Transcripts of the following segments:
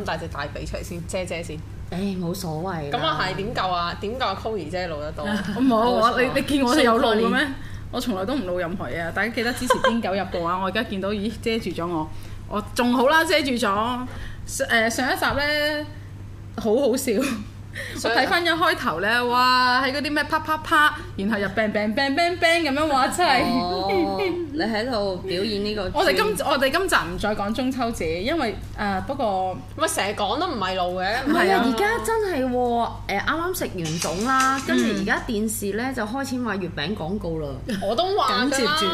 咁大隻大髀出嚟先遮遮先，誒冇、欸、所謂。咁啊係點救啊？點救啊？Cory 姐露得多。唔、 哦、好、啊、 你你見我哋有露嘅咩？露我從來都唔露任何嘢啊！大家記得支持邊狗入部啊！ 我而家見到，咦遮住咗我，我仲好啦、啊、遮住咗。誒上、呃、上一集咧，好好笑。 我睇翻一開頭咧，哇！喺嗰啲咩啪啪啪，然後又 bang bang bang bang bang 咁樣話真係哦，你喺度表演呢個。我哋今我哋今集唔再講中秋節，因為誒不過我成日講都唔係路嘅。唔係啊！而家真係誒啱啱食完粽啦，跟住而家電視咧就開始賣月餅廣告啦。我都話緊接住，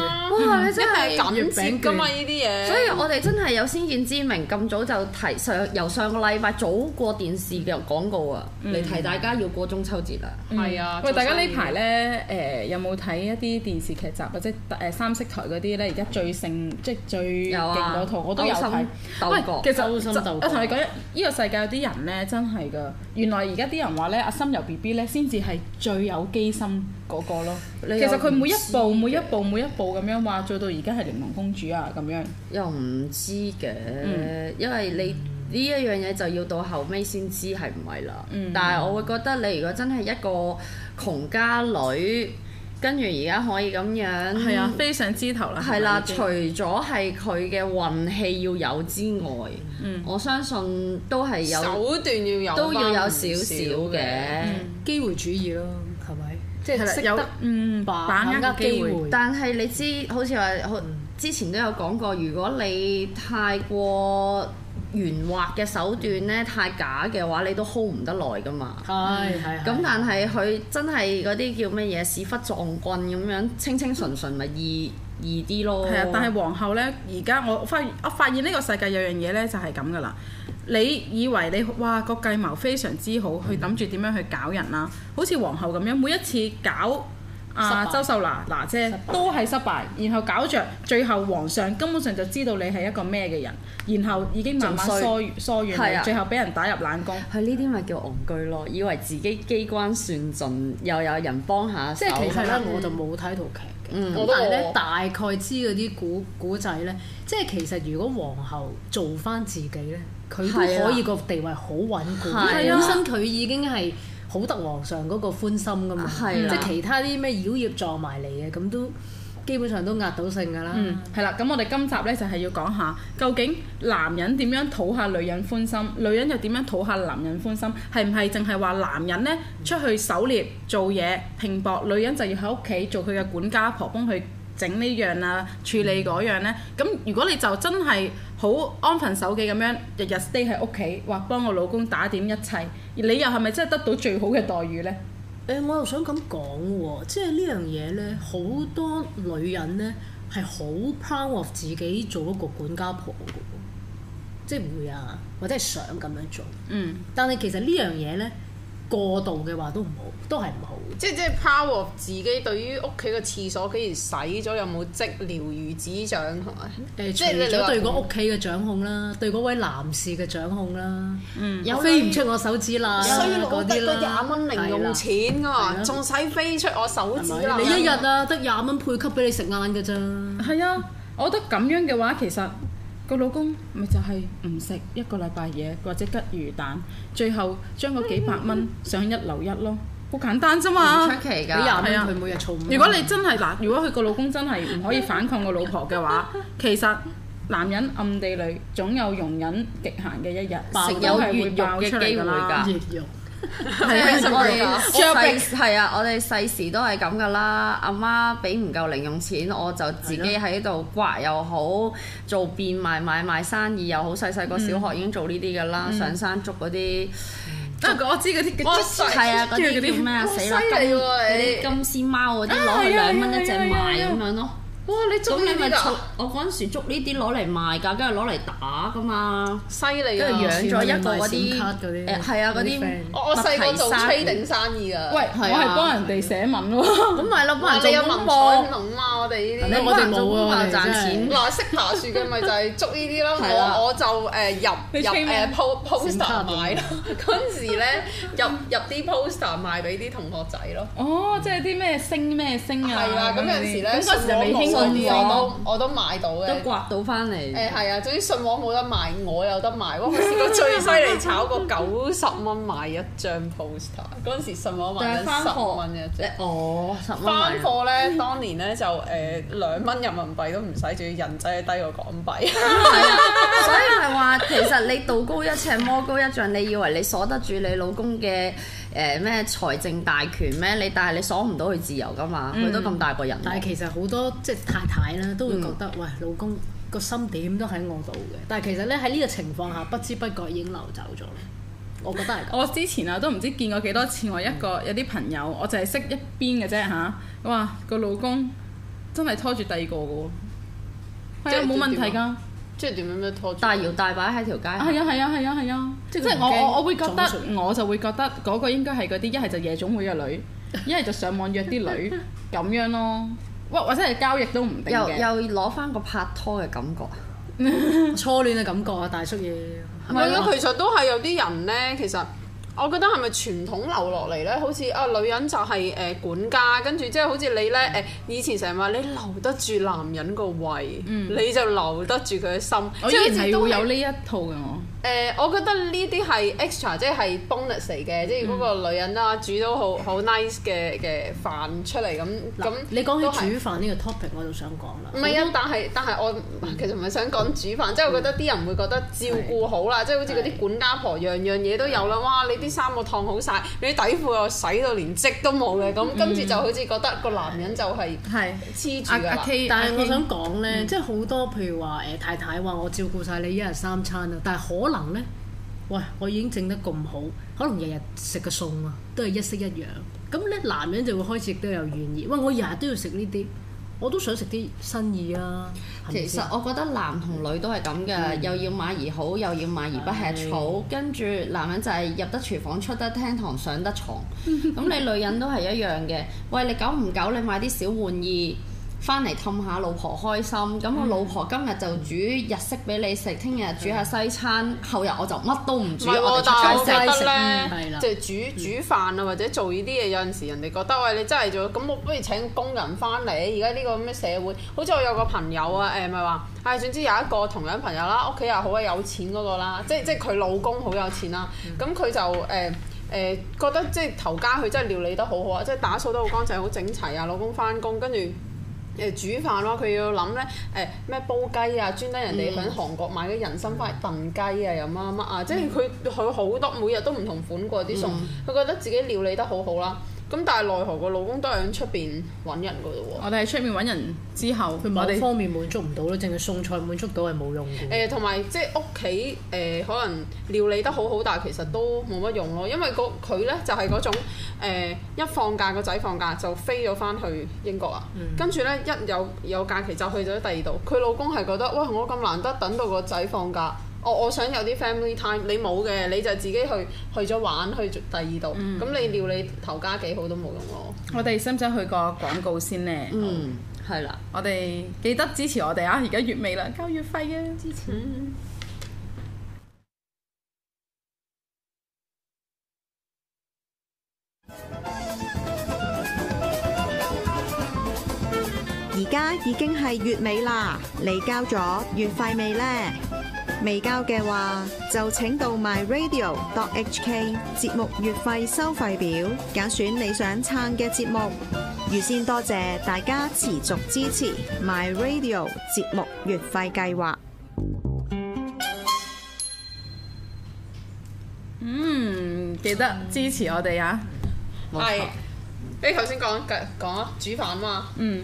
哇！你真係緊接㗎嘛呢啲嘢。所以我哋真係有先見之明，咁早就提上由上個禮拜早過電視嘅廣告啊。提大家要過中秋節啦，係啊！喂，大家呢排咧，誒有冇睇一啲電視劇集或者誒三色台嗰啲咧？而家最盛即係最勁嗰套，我都有睇。喂，其實我同你講，呢個世界有啲人咧，真係噶。原來而家啲人話咧，阿心由 B B 咧，先至係最有機心嗰個咯。其實佢每一步、每一步、每一步咁樣嘛，做到而家係《玲瓏公主》啊咁樣。又唔知嘅，因為你。呢一樣嘢就要到後尾先知係唔係啦。嗯、但係我會覺得你如果真係一個窮家女，跟住而家可以咁樣係啊，飛上、嗯、枝頭啦。係啦的，嗯、除咗係佢嘅運氣要有之外，嗯、我相信都係有手段要有，都要有少少嘅、嗯嗯、機會主義咯，係咪？即係識得嗯把握，把握機會。但係你知好似話，之前都有講過，如果你太過圓滑嘅手段呢，太假嘅話，你都 hold 唔得耐噶嘛。係係、嗯。咁、嗯、但係佢真係嗰啲叫乜嘢屎忽撞棍咁樣清清純純咪易易啲咯。係啊，但係皇后呢，而家我發我發現呢個世界有樣嘢呢，就係咁噶啦。你以為你哇、這個計謀非常之好，去諗住點樣去搞人啦，嗯、好似皇后咁樣，每一次搞。周秀娜娜姐都係失敗，然後搞着，最後皇上根本上就知道你係一個咩嘅人，然後已經慢慢疏疏遠你，最後俾人打入冷宮。佢呢啲咪叫戇居咯，以為自己機關算盡，又有人幫下。即係其實咧，我就冇睇套劇嘅，咁但係咧大概知嗰啲古古仔咧，即係其實如果皇后做翻自己咧，佢都可以個地位好穩固，本身佢已經係。好得皇上嗰個歡心噶嘛，啊、即係其他啲咩妖孽撞埋嚟嘅，咁都基本上都壓到性噶啦。係啦、嗯，咁我哋今集呢，就係、是、要講下，究竟男人點樣討下女人歡心，女人又點樣討下男人歡心？係唔係淨係話男人呢出去狩獵做嘢拼搏，女人就要喺屋企做佢嘅管家婆，婆，幫佢整呢樣啊處理嗰樣呢？咁、嗯、如果你就真係。好安分守己咁樣，日日 stay 喺屋企，話幫我老公打點一切，而你又係咪真係得到最好嘅待遇呢？誒、欸，我又想咁講喎，即係呢樣嘢呢，好多女人呢係好 proud of 自己做一個管家婆嘅，即係會啊，或者係想咁樣做。嗯，但係其實呢樣嘢呢。過度嘅話都唔好，都係唔好。即係即係 power 自己對於屋企個廁所竟然洗咗有冇即尿瞭如指掌同埋，誒，即係你話對個屋企嘅掌控啦，對嗰位男士嘅掌控啦，嗯，又說飛唔出我手指啦，嗯、指衰老得啲廿蚊零用錢啊！仲使了飛出我手指啦，係咪你一日啊得廿蚊配給俾你食晏㗎咋，係啊，我覺得咁樣嘅話其實。個老公咪就係唔食一個禮拜嘢，或者吉魚蛋，最後將嗰幾百蚊上一樓一咯，好簡單啫嘛。出奇㗎，係也啊！佢每日如果你真係嗱，如果佢個老公真係唔可以反抗個老婆嘅話， 其實男人暗地裏總有容忍極限嘅一日，有爆出嚟嘅機會㗎。係啊，我哋細係啊，我哋細時都係咁噶啦。阿媽俾唔夠零用錢，我就自己喺度刮又好，做變賣買賣生意又好。細細個小學已經做呢啲噶啦，上山捉嗰啲，我知嗰啲係啊，嗰啲叫咩啊？死咯，金啲金絲貓嗰啲，攞去兩蚊一隻賣咁樣咯。哇！你捉呢啲㗎？我嗰陣時捉呢啲攞嚟賣㗎，跟住攞嚟打㗎嘛，犀利啊！跟住養咗一個嗰啲誒，係啊嗰啲。我我細個做 trading 生意㗎。喂，我係幫人哋寫文喎。咁咪咯，唔係你有文筆嘛？我哋呢啲，我哋冇啊，我哋係啊。嗱，識爬樹嘅咪就係捉呢啲咯。我我就誒入入誒 poster 賣。嗰陣時咧，入入啲 poster 賣俾啲同學仔咯。哦，即係啲咩星咩星啊？咁嗰陣時咧，嗰陣時就未興。我都我都買到嘅，都刮到翻嚟。誒係、欸、啊，總之信網冇得賣，我有得賣。我 我試過最犀利炒過九十蚊買一張 poster，嗰陣時信網買咗十蚊一張。哦，十蚊。翻貨咧，嗯、當年咧就誒兩蚊人民幣都唔使，仲要人仔低過港幣。所以係話，其實你道高一尺，魔高一丈。你以為你鎖得住你老公嘅？誒咩、呃、財政大權咩？但你但係你鎖唔到佢自由㗎嘛？佢、嗯、都咁大個人。但係其實好多即係太太咧、啊、都會覺得，嗯、喂老公個心點都喺我度嘅。但係其實咧喺呢個情況下，不知不覺已經流走咗。我覺得係。我之前啊都唔知見過幾多次，我一個有啲朋友，嗯、我淨係識一邊嘅啫吓？我話個老公真係拖住第二個嘅喎，哎、即係冇問題㗎。即係點樣咩拖？大搖大擺喺條街。係啊係啊係啊係啊！啊啊啊啊即即我我我會覺得，我就會覺得嗰個應該係嗰啲一係就夜總會嘅女，一係就上網約啲女咁 樣咯。或或者係交易都唔定嘅。又又攞翻個拍拖嘅感覺， 初戀嘅感覺啊，大叔嘢。係咯 其實都係有啲人咧，其實。我覺得係咪傳統留落嚟呢？好似啊，女人就係、是、誒、呃、管家，跟住即係好似你呢。誒、嗯，以前成日話你留得住男人個胃，嗯、你就留得住佢嘅心。嗯、即我一直都有呢一套嘅我。誒，我覺得呢啲係 extra，即係 bonus 嚟嘅，即係嗰個女人啦，煮到好好 nice 嘅嘅飯出嚟咁。咁你講起煮飯呢個 topic，我就想講啦。唔係啊，但係但係我其實唔係想講煮飯，即係我覺得啲人會覺得照顧好啦，即係好似嗰啲管家婆樣樣嘢都有啦。哇，你啲衫我燙好晒，你啲底褲又洗到連漬都冇嘅，咁今次就好似覺得個男人就係係黐住。但係我想講咧，即係好多譬如話誒太太話我照顧晒你一日三餐啊，但係可。可能呢，喂，我已經整得咁好，可能日日食嘅餸啊，都係一式一樣，咁咧男人就會開始都有怨言。喂，我日日都要食呢啲，我都想食啲新意啊。其實我覺得男同女都係咁嘅，嗯、又要馬兒好，又要馬兒不吃草，的跟住男人就係入得廚房，出得廳堂，上得床。咁 你女人都係一樣嘅，喂，你久唔久你買啲小玩意，翻嚟氹下老婆開心，咁、嗯、我老婆今日就煮日式俾你食，聽日煮下西餐，嗯、後日我就乜都唔煮，或者煮西餐食得咧，嗯、就係煮、嗯、煮飯啊，或者做呢啲嘢。有陣時人哋覺得喂，你真係做咁，我不如請工人翻嚟。而家呢個咁嘅社會，好似我有個朋友啊，誒咪話，唉、嗯嗯，總之有一個同樣朋友啦，屋企又好鬼有錢嗰個啦，即係即係佢老公好有錢啦、那個。咁佢、嗯嗯、就誒誒、呃、覺得即係頭家，佢真係料理得好好啊，即係打掃得好乾淨，好整齊啊。老公翻工跟住。誒煮飯咯，佢要諗咧，誒、欸、咩煲雞啊，專登人哋喺韓國買啲人參翻嚟燉雞啊，又乜乜啊，即係佢佢好多每日都唔同款過啲餸，佢、嗯、覺得自己料理得好好啦。咁但係奈何個老公都係喺出邊揾人噶咯、哦？我哋喺出面揾人之後，佢某方面滿足唔到咯，淨係、嗯、餸菜滿足到係冇用嘅。誒同埋即係屋企誒，可能料理得好好，但係其實都冇乜用咯，因為個佢咧就係、是、嗰種、呃、一放假個仔放假就飛咗翻去英國啊。跟住咧一有有假期就去咗第二度。佢老公係覺得喂，我咁難得等到個仔放假。我我想有啲 family time，你冇嘅，你就自己去去咗玩去第二度。咁、嗯、你料你頭家幾好都冇用咯。嗯、我哋使唔使去個廣告先呢？嗯，係啦。我哋記得支持我哋啊！而家月尾啦，交月費啊！支持。而家、嗯、已經係月尾啦，你交咗月費未呢？未交嘅話，就請到 myradio.hk 節目月費收費表，揀選你想撐嘅節目。預先多謝大家持續支持 myradio 節目月費計劃。嗯，記得支持我哋啊！係是，你頭先講講煮飯嘛？嗯，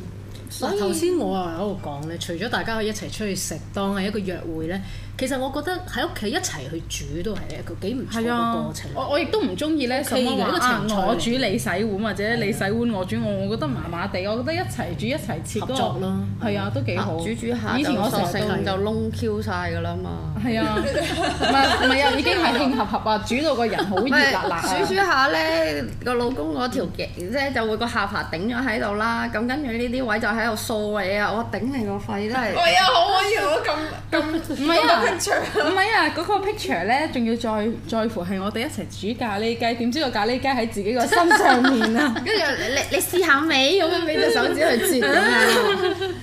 嗱，頭先、嗯、我啊喺度講咧，除咗大家可以一齊出去食，當係一個約會咧。其實我覺得喺屋企一齊去煮都係一個幾唔錯嘅過程。我我亦都唔中意咧，譬如如果我煮你洗碗，或者你洗碗我煮我，我覺得麻麻地。我覺得一齊煮一齊切合作咯。係啊，都幾好。煮煮下，以前我成日都就窿 Q 晒㗎啦嘛。係啊，唔係啊，已經係應合合啊？煮到個人好熱辣辣。煮煮下咧，個老公嗰條頸即係就會個下巴頂咗喺度啦。咁跟住呢啲位就喺度掃位啊！我頂你個肺真係。係啊，可以啊，咁咁唔係。唔係 啊，嗰、嗰個 picture 咧，仲要再在乎係我哋一齊煮咖喱雞，點知個咖喱雞喺自己個心上面啊！跟住 你你試下味？咁樣俾隻手指去切啊！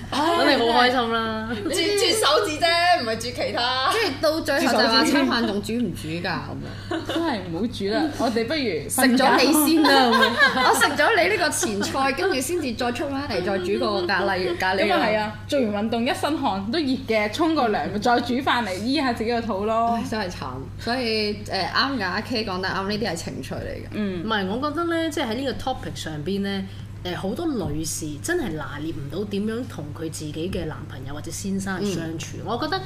啊、肯定好開心啦！轉轉手指啫，唔係煮其他。跟住到最後就係話，餐飯仲煮唔煮㗎咁樣？真係唔好煮啦！ 我哋不如食咗你先啦！ 我食咗你呢個前菜，跟住先至再出翻嚟再煮個咖喱咖喱，咖喱。因為係啊，做完運動一身汗都熱嘅，沖個涼 再煮飯嚟醫下自己個肚咯。 哎、真係慘！所以誒啱㗎，阿、呃、K 講得啱，呢啲係情趣嚟嘅。嗯，唔係我覺得咧，即係喺呢個 topic 上邊咧。誒好多女士真係拿捏唔到點樣同佢自己嘅男朋友或者先生相處，嗯、我覺得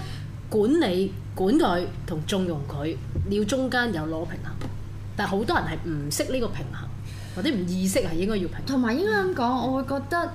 管理管佢同縱容佢，你要中間有攞平衡，但好多人係唔識呢個平衡，或者唔意識係應該要平衡。同埋應該咁講，我會覺得。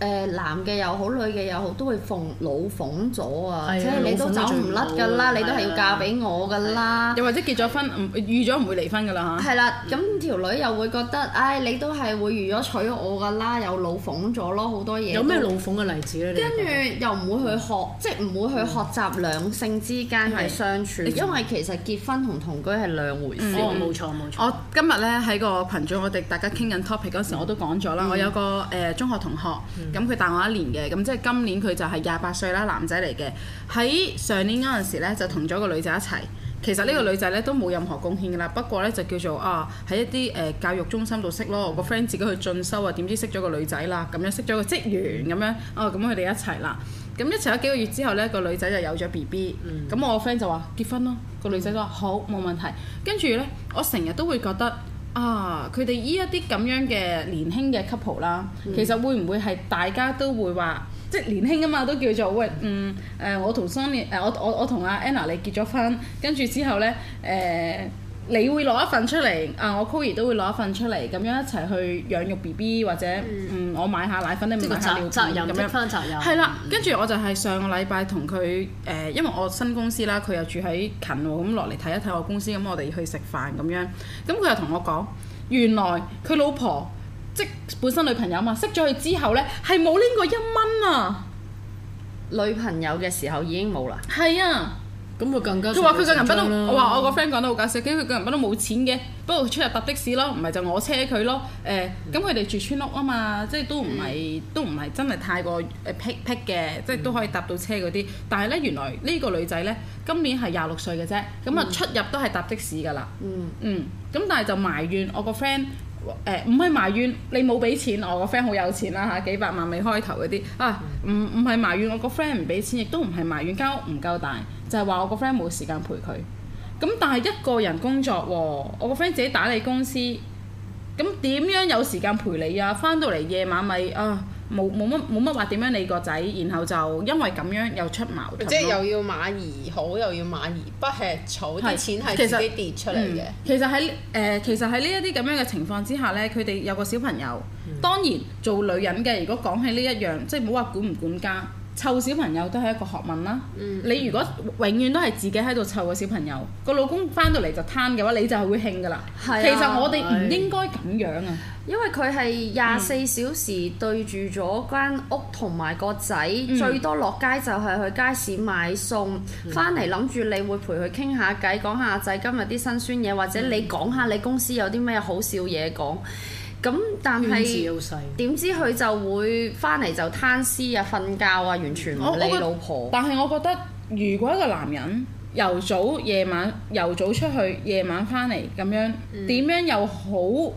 誒男嘅又好，女嘅又好，都會奉老奉咗啊！而且你都走唔甩㗎啦，你都係要嫁俾我㗎啦。又或者結咗婚，預咗唔會離婚㗎啦嚇。係啦，咁條女又會覺得，唉，你都係會預咗娶我㗎啦，又老奉咗咯，好多嘢。有咩老奉嘅例子咧？跟住又唔會去學，即係唔會去學習兩性之間嘅相處，因為其實結婚同同居係兩回事。冇錯冇錯。我今日咧，喺個羣組，我哋大家傾緊 topic 嗰時，我都講咗啦。我有個誒中學同學。咁佢大我一年嘅，咁即係今年佢就係廿八歲啦，男仔嚟嘅。喺上年嗰陣時咧，就同咗個女仔一齊。其實呢個女仔呢，都冇任何貢獻㗎啦，不過呢，就叫做啊，喺一啲誒、呃、教育中心度識咯。我個 friend 自己去進修啊，點知識咗個女仔啦，咁樣識咗個職員咁、嗯、樣，哦，咁佢哋一齊啦。咁一齊咗幾個月之後呢，個女仔就有咗 B B。咁我個 friend 就話結婚咯，個女仔都話好冇問題。跟住呢，我成日都會覺得。啊！佢哋依一啲咁樣嘅年輕嘅 couple 啦，嗯、其實會唔會係大家都會話，即係年輕啊嘛，都叫做喂，嗯，誒、呃，我同 Sony 誒、呃，我我我同阿 Anna 你結咗婚，跟住之後咧，誒、呃。你會攞一份出嚟，啊，我 K 都會攞一份出嚟，咁樣一齊去養育 BB 或者，嗯，嗯，我買下奶粉、嗯、你買下尿片責任積翻責任係啦，跟住、嗯、我就係上個禮拜同佢，誒、呃，因為我新公司啦，佢又住喺近喎，咁落嚟睇一睇我公司，咁我哋去食飯咁樣。咁佢又同我講，原來佢老婆即本身女朋友嘛，識咗佢之後呢，係冇拎過一蚊啊！女朋友嘅時候已經冇啦。係啊。佢話佢個人不嬲，嗯、我話我個 friend 講得好搞笑，跟住佢個人不嬲冇錢嘅，不過出入搭的士咯，唔係就我車佢咯。誒、呃，咁佢哋住村屋啊嘛，即係都唔係、嗯、都唔係真係太過誒僻僻嘅，uh, pick, pick 嗯、即係都可以搭到車嗰啲。但係咧，原來呢個女仔咧，今年係廿六歲嘅啫，咁啊出入都係搭的士噶啦、嗯嗯。嗯嗯，咁但係就埋怨我個 friend 誒唔係埋怨你冇俾錢，我個 friend 好有錢啦、啊、嚇，幾百萬未開頭嗰啲啊，唔唔係埋怨我個 friend 唔俾錢，亦都唔係埋怨間屋唔夠大。就係話我個 friend 冇時間陪佢，咁但係一個人工作，我個 friend 自己打理公司，咁點樣有時間陪你啊？返到嚟夜晚咪啊冇冇乜冇乜話點樣你個仔，然後就因為咁樣又出矛盾，即係又要馬兒好，又要馬兒不吃草，啲是錢係自己跌出嚟嘅、嗯。其實喺誒、呃，其實喺呢一啲咁樣嘅情況之下呢，佢哋有個小朋友，嗯、當然做女人嘅，如果講起呢一樣，即係唔好話管唔管家。湊小朋友都係一個學問啦。嗯、你如果永遠都係自己喺度湊個小朋友，個、嗯、老公翻到嚟就攤嘅話，你就係會興噶啦。啊、其實我哋唔應該咁樣啊，啊，啊，因為佢係廿四小時對住咗間屋同埋個仔，嗯、最多落街就係去街市買餸，翻嚟諗住你會陪佢傾下偈，講下仔今日啲辛酸嘢，嗯、或者你講下你公司有啲咩好笑嘢講。咁但係點知佢就會翻嚟就攤屍啊、瞓覺啊，完全唔理老婆。但係我覺得，如果一個男人由早夜晚由早出去，夜晚翻嚟咁樣，點、嗯、樣又好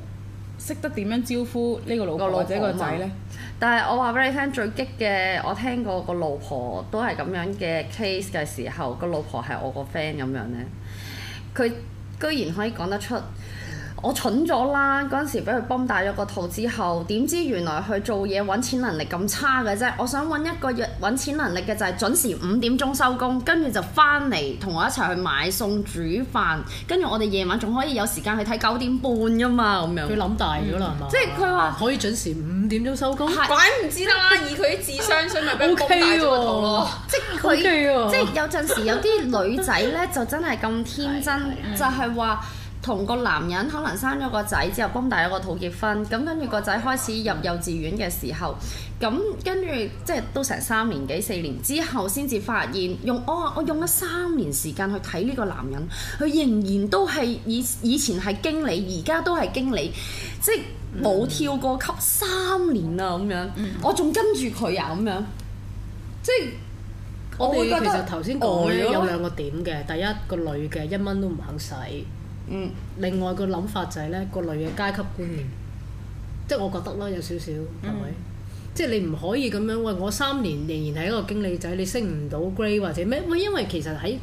識得點樣招呼呢個老婆或、嗯、者個仔呢？但係我話俾你聽，最激嘅我聽過個老婆都係咁樣嘅 case 嘅時候，個老婆係我個 friend 咁樣呢，佢居然可以講得出。我蠢咗啦！嗰陣時俾佢泵大咗個肚之後，點知原來佢做嘢揾錢能力咁差嘅啫。我想揾一個月揾錢能力嘅就係準時五點鐘收工，跟住就翻嚟同我一齊去買餸煮飯，跟住我哋夜晚仲可以有時間去睇九點半㗎嘛咁樣。佢諗大咗啦，係嘛？即係佢話可以準時五點鐘收工，怪唔之啦！以佢啲智商，所以咪 OK 泵大咗個肚。即係即係有陣時有啲女仔咧，就真係咁天真，就係話。同個男人可能生咗個仔之後，幫大一個肚結婚，咁跟住個仔開始入幼稚園嘅時候，咁跟住即係都成三年幾四年之後，先至發現用哦，我用咗三年時間去睇呢個男人，佢仍然都係以以前係經理，而家都係經理，即係冇跳過級三年啊，咁樣，嗯、我仲跟住佢啊，咁樣，嗯、即係我會覺得其實頭先講咧有兩個點嘅，嗯嗯、第一個女嘅一蚊都唔肯使。嗯，另外個諗法就係咧，個女嘅階級觀念，嗯、即係我覺得啦，有少少係咪？即係你唔可以咁樣喂，我三年仍然係一個經理仔，你升唔到 grade 或者咩？喂，因為其實喺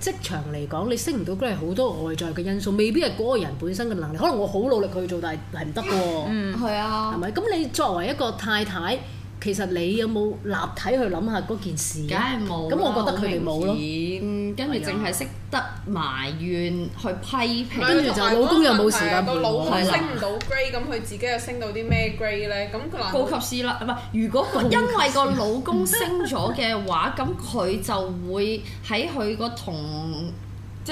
職場嚟講，你升唔到 grade 係好多外在嘅因素，未必係嗰個人本身嘅能力。可能我好努力去做，但係唔得喎。嗯，係啊。係咪？咁你作為一個太太？其實你有冇立體去諗下嗰件事？梗係冇，咁我覺得佢哋冇咯。跟住淨係識得埋怨、去批評，跟住、哎、呀就有老公又冇時間個老公升唔到 grade，咁佢自己又升到啲咩 grade 咧？咁佢話高級師啦，唔係如果因為個老公升咗嘅話，咁佢、嗯、 就會喺佢個同。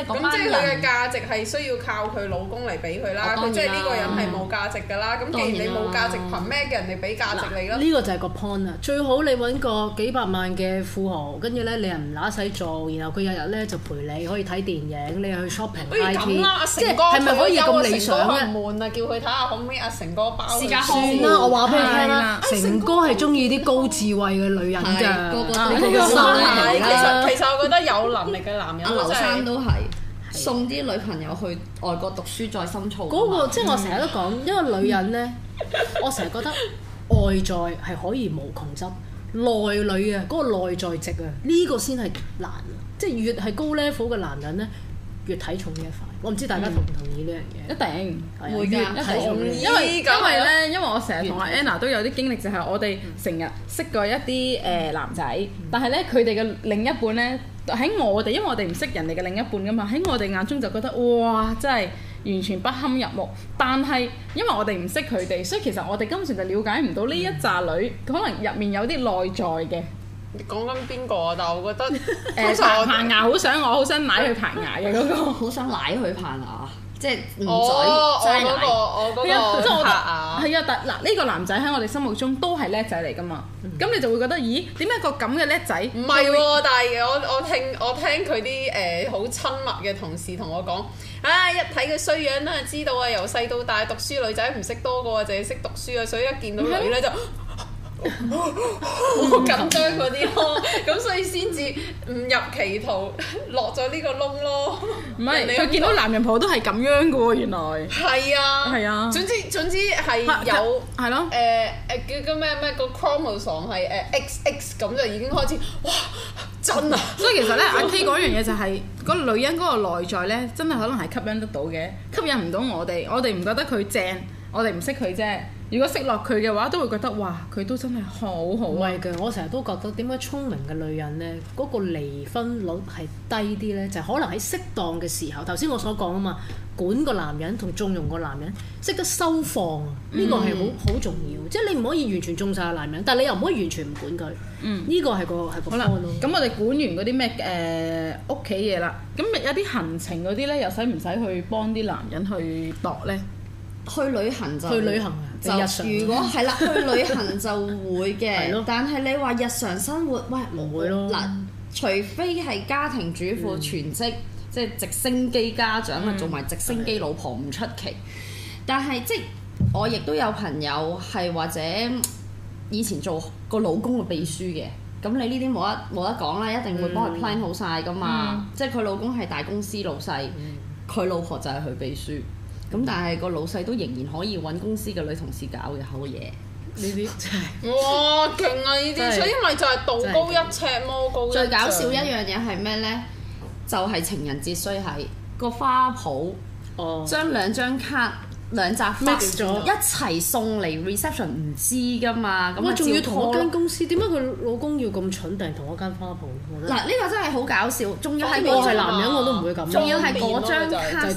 咁即係佢嘅價值係需要靠佢老公嚟俾佢啦，佢即係呢個人係冇價值噶啦。咁既然你冇價值，憑咩叫人哋俾價值你咯？呢個就係個 point 啦。最好你揾個幾百萬嘅富豪，跟住咧你又唔乸使做，然後佢日日咧就陪你，可以睇電影，你又去 shopping。可以咁啦，阿成哥，係咪可以有咁理想嘅？唔悶啊，叫佢睇下可唔可以阿成哥包時間？時間啦，我話俾你聽啦，成哥係中意啲高智慧嘅女人嘅。你同佢商量。其實其實我覺得有能力嘅男人，阿劉生都係。送啲女朋友去外國讀書再深造嗰個，即係我成日都講，因為女人咧，我成日覺得外在係可以無窮執，內裏啊，嗰個內在值啊，呢個先係難。即係越係高 level 嘅男人咧，越睇重呢一塊。我唔知大家同唔同意呢樣嘢？一定會啊！同意，因為因為咧，因為我成日同阿 Anna 都有啲經歷，就係我哋成日識嗰一啲誒男仔，但係咧佢哋嘅另一半咧。喺我哋，因為我哋唔識人哋嘅另一半㗎嘛，喺我哋眼中就覺得哇，真係完全不堪入目。但係因為我哋唔識佢哋，所以其實我哋今次就了解唔到呢一扎女，嗯、可能入面有啲內在嘅。講緊邊個啊？但我覺得誒，排、 呃、牙好想我，想我好想奶佢排牙嘅嗰、那個，好 想奶佢排牙。即係唔在爭男得，啊喚！係啊，嗱呢個男仔喺我哋心目中都係叻仔嚟噶嘛。咁、mm hmm. 你就會覺得，咦？點解個咁嘅叻仔唔係喎，但係我我聽我聽佢啲誒好親密嘅同事同我講，唉、哎、一睇佢衰樣都係知道啊，由細到大讀書女仔唔識多過，淨係識讀書啊，所以一見到女咧就。Mm hmm. 好 緊張嗰啲 咯，咁所以先至唔入歧途，落咗呢個窿咯。唔係，佢見到男人婆都係咁樣噶喎、啊，原來。係 啊，係啊，啊總。總之總之係有，係咯。誒誒、呃、叫咩咩個 chromosome 係 XX 咁就已經開始哇真啊！ 所以其實咧， 阿 K 講樣嘢就係、是，嗰、那個、女人嗰個內在咧，真係可能係吸引得到嘅，吸引唔到我哋，我哋唔覺得佢正，我哋唔識佢啫。如果識落佢嘅話，都會覺得哇，佢都真係好好，啊。唔係嘅，我成日都覺得點解聰明嘅女人呢，嗰、嗰個離婚率係低啲呢，就是，可能喺適當嘅時候，頭先我所講啊嘛，管個男人同縱容個男人，識得收放，呢個係好好重要。嗯、即係你唔可以完全縱曬男人，但係你又唔可以完全唔管佢。嗯，呢個係個係個方案咯。咁我哋管完嗰啲咩誒屋企嘢啦，咁、呃、有啲行程嗰啲呢，又使唔使去幫啲男人去度呢？去旅行就去旅行就如果係啦， 去旅行就會嘅。 對哦、但係你話日常生活，喂，冇會咯。除非係家庭主婦全職，嗯、即係直升機家長啊，嗯、做埋直升機老婆唔出奇。嗯、但係即我亦都有朋友係或者以前做個老公嘅秘書嘅。咁你呢啲冇得冇得講啦，一定會幫佢 plan 好晒噶嘛。嗯、即係佢老公係大公司老細，佢、嗯、老婆就係佢秘書。咁但係個老細都仍然可以揾公司嘅女同事搞嘅好嘢，呢啲真係哇勁啊！呢啲所以咪就係道高一尺，魔高一丈。最搞笑一樣嘢係咩咧？就係情人節，所以係個花圃，將兩張卡兩紮 mix 咗一齊送嚟 reception 唔知噶嘛。我仲要同嗰間公司點解佢老公要咁蠢？定係同一間花圃？嗱呢個真係好搞笑，仲要係我係男人我都唔會咁。仲要係嗰張卡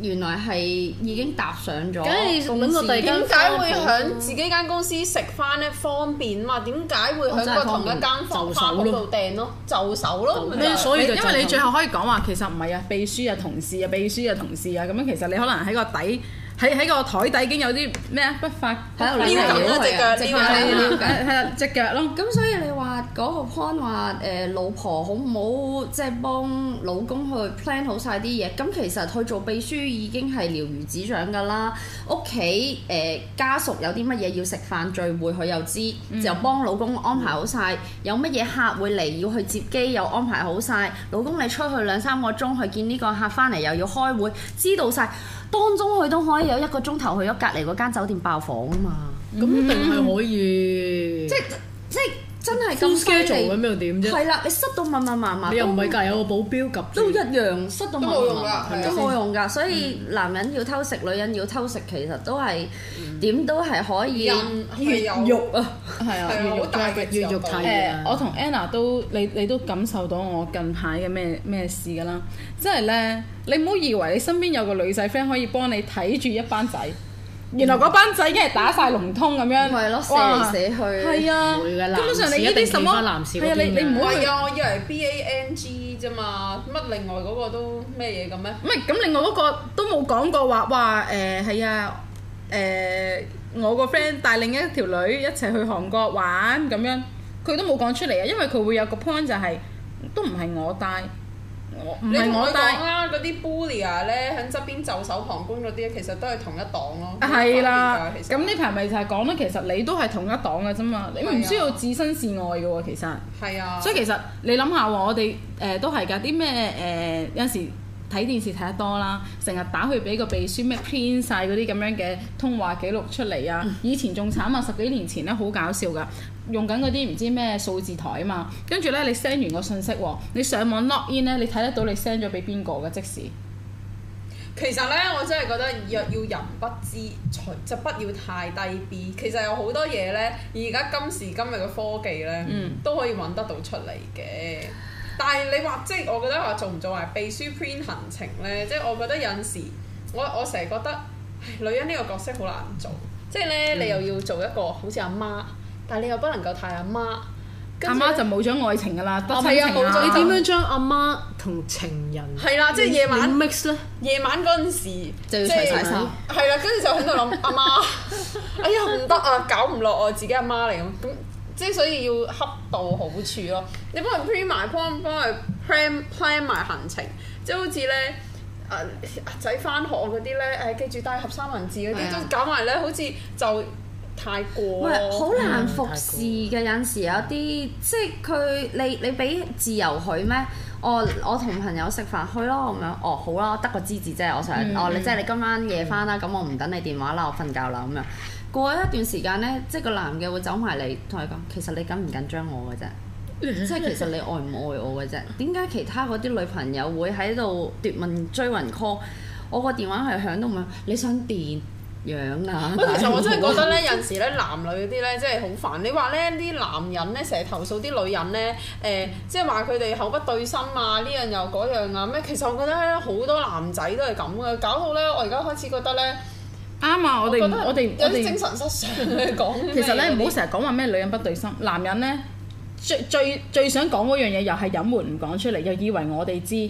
原來係已經搭上咗。咁點解會喺自己間公司食翻呢？方便嘛？點解會喺個同一間房度訂咯？就手咯。就手咯所以就因為你最後可以講話，其實唔係啊，秘書啊，同事啊，秘書啊，同事啊，咁樣其實你可能喺個底。喺喺個台底已經有啲咩啊？不法喺度撩嘢，瞭解係啦，隻腳咯。咁所以你話嗰、那個 point 話誒老婆好唔好，即係幫老公去 plan 好晒啲嘢。咁其實去做秘書已經係了如指掌㗎啦。屋企誒家屬有啲乜嘢要食飯聚會，佢又知，嗯、就幫老公安排好晒。嗯、有乜嘢客會嚟要去接機，又安排好晒。老公你出去兩三個鐘去見呢個客，翻嚟又要開會，知道晒。當中佢都可以有一個鐘頭去咗隔離嗰間酒店爆房吖嘛，咁定係可以。即即、嗯。真係咁又點啫？係啦，你塞到密密麻麻，你又唔係架有個保鏢及住，都一樣塞到密密麻麻，都冇用㗎，所以男人要偷食，女人要偷食，其實都係點都係可以，肉啊，係啊，肉肉大嘢啦。我同 Anna 都你你都感受到我近排嘅咩咩事㗎啦，即係咧，你唔好以為你身邊有個女仔 friend 可以幫你睇住一班仔。原來嗰班仔一日打晒龍通咁樣，嗯、哇！對寫死寫去，會嘅、啊。根本上你呢啲什麼？係、啊、你你唔好去。係啊，我以為 B A N G 啫嘛，乜另外嗰個都咩嘢嘅咩？唔係咁，另外嗰個都冇講過話，哇！誒、欸、係啊，誒、欸、我個 friend 帶另一條女一齊去韓國玩咁樣，佢都冇講出嚟啊，因為佢會有個 point 就係、是、都唔係我帶。我唔係我講帶啦，嗰啲 bully 咧喺側邊袖手旁觀嗰啲，其實都係同一黨咯。係啦、啊，咁呢排咪就係講咯，其實你都係同一黨嘅啫嘛，啊、你唔需要置身事外嘅喎，其實。係啊。所以其實你諗下喎，我哋誒都係㗎，啲咩誒有時睇電視睇得多啦，成日打去俾個秘書咩編晒嗰啲咁樣嘅通話記錄出嚟啊，嗯、以前仲慘啊，十幾年前咧好搞笑㗎。用緊嗰啲唔知咩數字台啊嘛，跟住咧你 send 完個信息，你上網 log in 咧，你睇得到你 send 咗俾邊個嘅，即使其實咧，我真係覺得若要人不知，就不要太低 b。其實有好多嘢咧，而家今時今日嘅科技咧，嗯、都可以揾得到出嚟嘅。但係你話即係我覺得話做唔做埋秘書 print 行程咧，即係我覺得有時我我成日覺得，女人呢個角色好難做，即係呢咧、嗯、你又要做一個好似阿媽，媽。但你又不能夠太阿媽，媽，阿媽，媽就冇咗愛情噶啦，你點樣將阿媽同情人？係啦，即係夜晚 mix 咧。夜晚嗰陣時就要洗晒衫，係啦、就是，跟住就喺度諗阿媽。哎呀，唔得啊，搞唔落我自己阿媽嚟，咁即係所以要恰到好處咯。你幫佢 plan 埋 p l 幫佢 plan plan 埋行程，即係好似咧，阿仔返學嗰啲咧，誒、哎、記住帶盒三文治嗰啲，的都搞埋咧，好似就。太過是，唔係好難服侍嘅。嗯、有時有啲過即係佢，你你俾自由佢咩、 哦？我我同朋友食飯去咯，咁樣哦，好啦，得個知字啫。我想、嗯、哦，你即係你今晚夜翻啦，咁、嗯、我唔等你電話啦，我瞓覺啦咁樣。過一段時間咧，即係個男嘅會走埋嚟同你講，其實你緊唔緊張我嘅啫？來即係是其實你愛唔愛我嘅啫？點解其他嗰啲女朋友會喺度奪問追魂 call？我個電話係響到咩？你想點？樣啊！其實我真係覺得咧，有陣時咧，男女啲咧，真係好煩。你話咧，啲男人咧，成日投訴啲女人咧，誒，即係話佢哋口不對心啊，呢樣又嗰樣啊，咩？其實我覺得好多男仔都係咁嘅，搞到咧，我而家開始覺得咧，啱啊！我哋我哋我哋有啲精神失常去們 其實咧，唔好成日講話咩女人不對心，男人咧最最最想講嗰樣嘢，又係隱瞞唔講出嚟，又以為我哋知。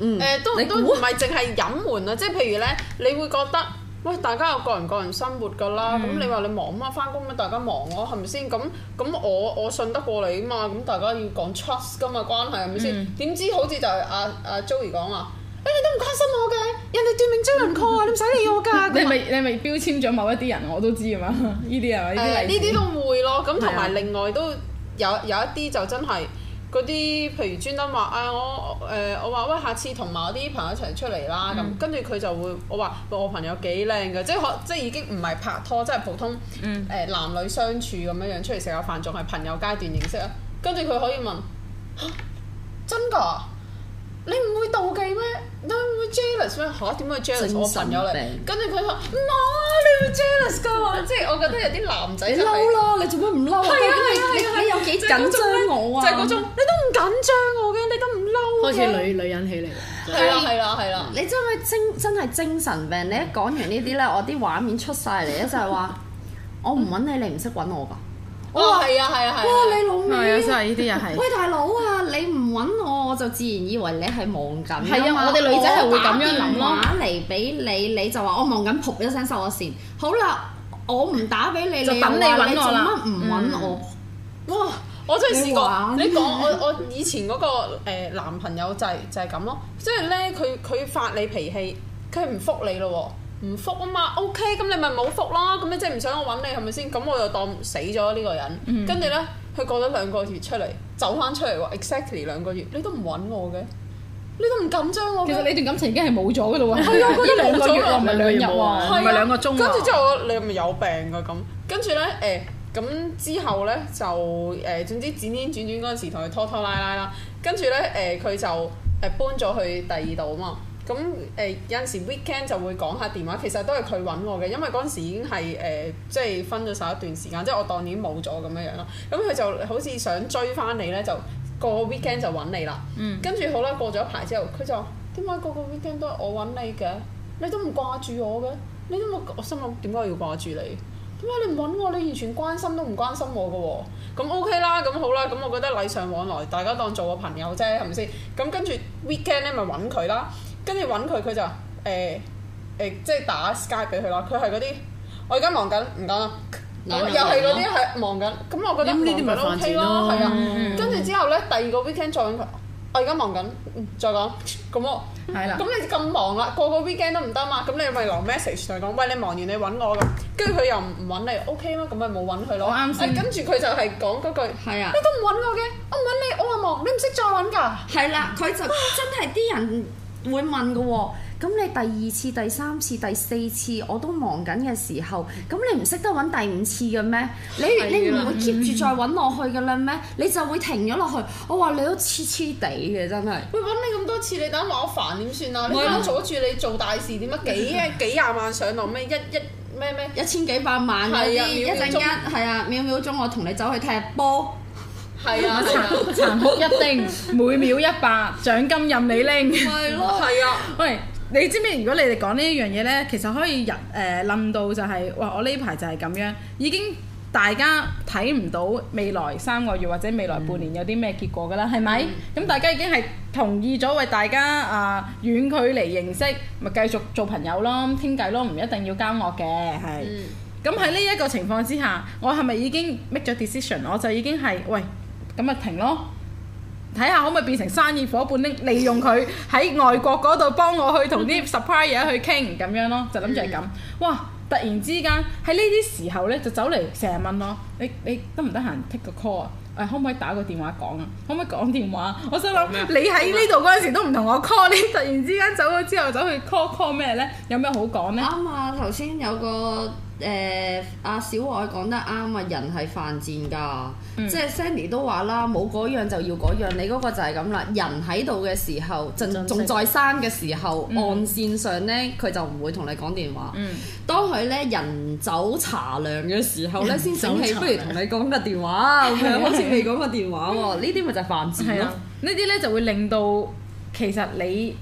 嗯。誒、呃，都你都唔係淨係隱瞞啊！即係譬如咧，你會覺得。喂，大家有各人各人生活噶啦，咁、嗯、你話你忙啊，翻工咩？大家忙咯，係咪先？咁咁我我信得過你啊嘛，咁大家要講 trust 噶嘛關係，係咪先？點知、嗯、好似就係阿阿 Joey 講話，你都唔關心我嘅，人哋奪命追人 call 啊，你唔使理我㗎。你咪你咪標籤咗某一啲人，我都知啊嘛，呢啲係咪？誒，呢啲、呃、都會咯，咁同埋另外都有對、啊、有一啲就真係。嗰啲譬如專登話啊，我誒、呃、我話喂，下次同埋我啲朋友一齊出嚟啦，咁、嗯、跟住佢就會我話我朋友幾靚嘅，即係可即係已經唔係拍拖，即係普通誒、嗯呃、男女相處咁樣樣出嚟食下飯，仲係朋友階段認識啦。跟住佢可以問、啊、真㗎？你唔會妒忌咩？你會唔會 jealous 咩？嚇點解 jealous？神神我朋友嚟，跟住佢就話唔好 jealous 噶，即係我覺得有啲男仔嬲咯，你做乜唔嬲啊？你有幾緊張我啊？就係嗰種，你都唔緊張我嘅，你都唔嬲好似女女人起嚟，係啦，係啦，係啦。你真係精真係精神病！你一講完呢啲咧，我啲畫面出晒嚟，就係話我唔揾你， 你唔識揾我噶。哦，係哇啊，係哇啊，係啊！你老味啊！真係呢啲人係喂，大佬啊，你唔揾我，我就自然以為你係忙緊。係啊，啊啊我哋女仔係會咁樣諗咯。打嚟俾你，你就話我忙緊，撲一聲收咗線。好啦，我唔打俾你，就等你揾我啦。做乜唔揾我、嗯？哇！我真係試過，你講說我說我以前嗰個男朋友就係、是、就係咁咯，即係咧佢佢發你脾氣，佢唔覆你咯喎。唔覆啊嘛，OK，咁你咪冇覆咯，咁你即係唔想我揾你係咪先？咁我就當死咗呢、呢個人，跟住咧佢過咗兩個月出嚟，走翻出嚟 exactly 兩個月，你都唔揾我嘅，你都唔緊張我。其實你段感情已經係冇咗嘅嘞喎，而、 啊、兩個月我唔係兩日啊。唔係兩個鐘、啊。跟住之後你係咪有病㗎、啊、咁？跟住咧誒，咁、欸、之後咧就誒，總之轉,轉轉轉轉嗰陣時同佢拖拖拉拉啦，跟住咧誒，佢、啊啊、就誒搬咗去第二度啊嘛。啊咁誒、呃、有陣時 weekend 就會講下電話，其實都係佢揾我嘅，因為嗰陣時已經係誒、呃、即係分咗手一段時間，即係我當年冇咗咁樣樣啦。咁佢就好似想追翻你咧，就個 weekend 就揾你啦。跟住、嗯、好啦，過咗一排之後，佢就點解個個 weekend 都係我揾你嘅？你都唔掛住我嘅？你都冇，我心諗點解我要掛住你？點解你唔揾我？你完全關心都唔關心我嘅喎、哦？咁 OK 啦，咁好啦，咁我覺得禮尚往來，大家當做個朋友啫，係咪先？咁跟住 weekend 咧，咪揾佢啦。跟住揾佢，佢就誒誒，即係打 Skype 俾佢咯。佢係嗰啲，我而家忙緊，唔講啦。又係嗰啲係忙緊，咁我覺得呢啲唔 OK 咯，係啊。跟住之後呢，第二個 weekend 再揾佢，我而家忙緊，再講咁我。係啦。咁你咁忙啦，個個 weekend 都唔得嘛？咁你咪留 message 就係講，喂你忙完你揾我咁。跟住佢又唔揾你，OK 咩？咁咪冇揾佢咯。我啱先。跟住佢就係講嗰句。係啊。你都唔揾我嘅，我唔揾你，我話忙，你唔識再揾㗎。係啦，佢就真係啲人。會問嘅喎，咁你第二次、第三次、第四次我都忙緊嘅時候，咁你唔識得揾第五次嘅咩？你你唔會 keep 住再揾落去嘅啦咩？你就會停咗落去。我話你都黐黐地嘅，真係。喂，揾你咁多次，你點解話我煩點算啊？你阻住你做大事點啊？幾啊幾廿萬上落咩？一一咩咩？咩咩一千幾百萬嗰啲，一陣間係啊，秒秒，啊秒秒鐘我同你走去踢波。係啊，殘殘酷一定，每秒一百獎金任你拎。係咯，係啊。喂，你知唔知？如果你哋講呢一樣嘢咧，其實可以入誒諗到就係，哇！我呢排就係咁樣，已經大家睇唔到未來三個月或者未來半年有啲咩結果㗎啦，係咪？咁大家已經係同意咗，為大家啊遠距離認識，咪繼續做朋友咯，傾偈咯，唔一定要交惡嘅，係。咁喺呢一個情況之下，我係咪已經 make 咗 decision？我就已經係喂。咁咪停咯，睇下可唔可以變成生意伙伴咧？ 利用佢喺外國嗰度幫我去同啲 supplier 去傾咁樣咯，就諗住係咁。哇！突然之間喺呢啲時候呢，就走嚟成日問我：你你得唔得閒 take 個 call？啊？可唔可以打個電話講啊？可唔可以講電話？我心想諗麼你喺呢度嗰陣時都唔同我 call，你突然之間走咗之後走去 call call 咩呢？有咩好講呢？啱啊！頭先有個。誒阿、呃、小愛講得啱啊！人係犯賤㗎，嗯、即係 Sandy 都話啦，冇嗰樣就要嗰樣，你嗰個就係咁啦。人喺度嘅時候，仲仲在生嘅時候，岸線上咧，佢就唔會同你講電話。嗯、當佢咧人走茶涼嘅時候咧，先想起，不如同你講個電話咁樣 好似未講個電話喎，呢啲咪就係犯賤咯。呢啲咧就會令到其實你。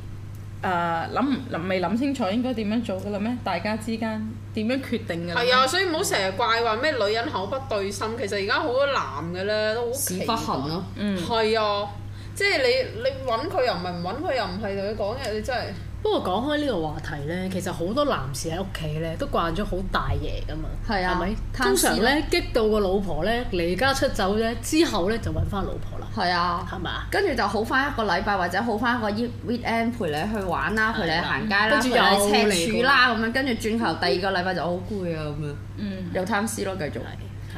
誒諗唔，未諗、uh, 清楚應該點樣做嘅咧？咩？大家之間點樣決定嘅？係啊，所以唔好成日怪話咩女人口不對心，其實而家好多男嘅咧都好奇怪咯、啊，嗯，係啊，即係你你揾佢又唔係，唔揾佢又唔係，同佢講嘢，你真係。不過講開呢個話題呢，其實好多男士喺屋企呢都慣咗好大爺噶嘛，係啊，係咪？通常呢激到個老婆呢，離家出走呢之後呢，就揾翻老婆啦，係啊，係嘛，跟住就好翻一個禮拜或者好翻一個 week end 陪你去玩啦，陪你行街啦，跟住又赤柱啦咁樣，跟住轉頭第二個禮拜就好攰啊咁樣，嗯，又貪黐咯，繼續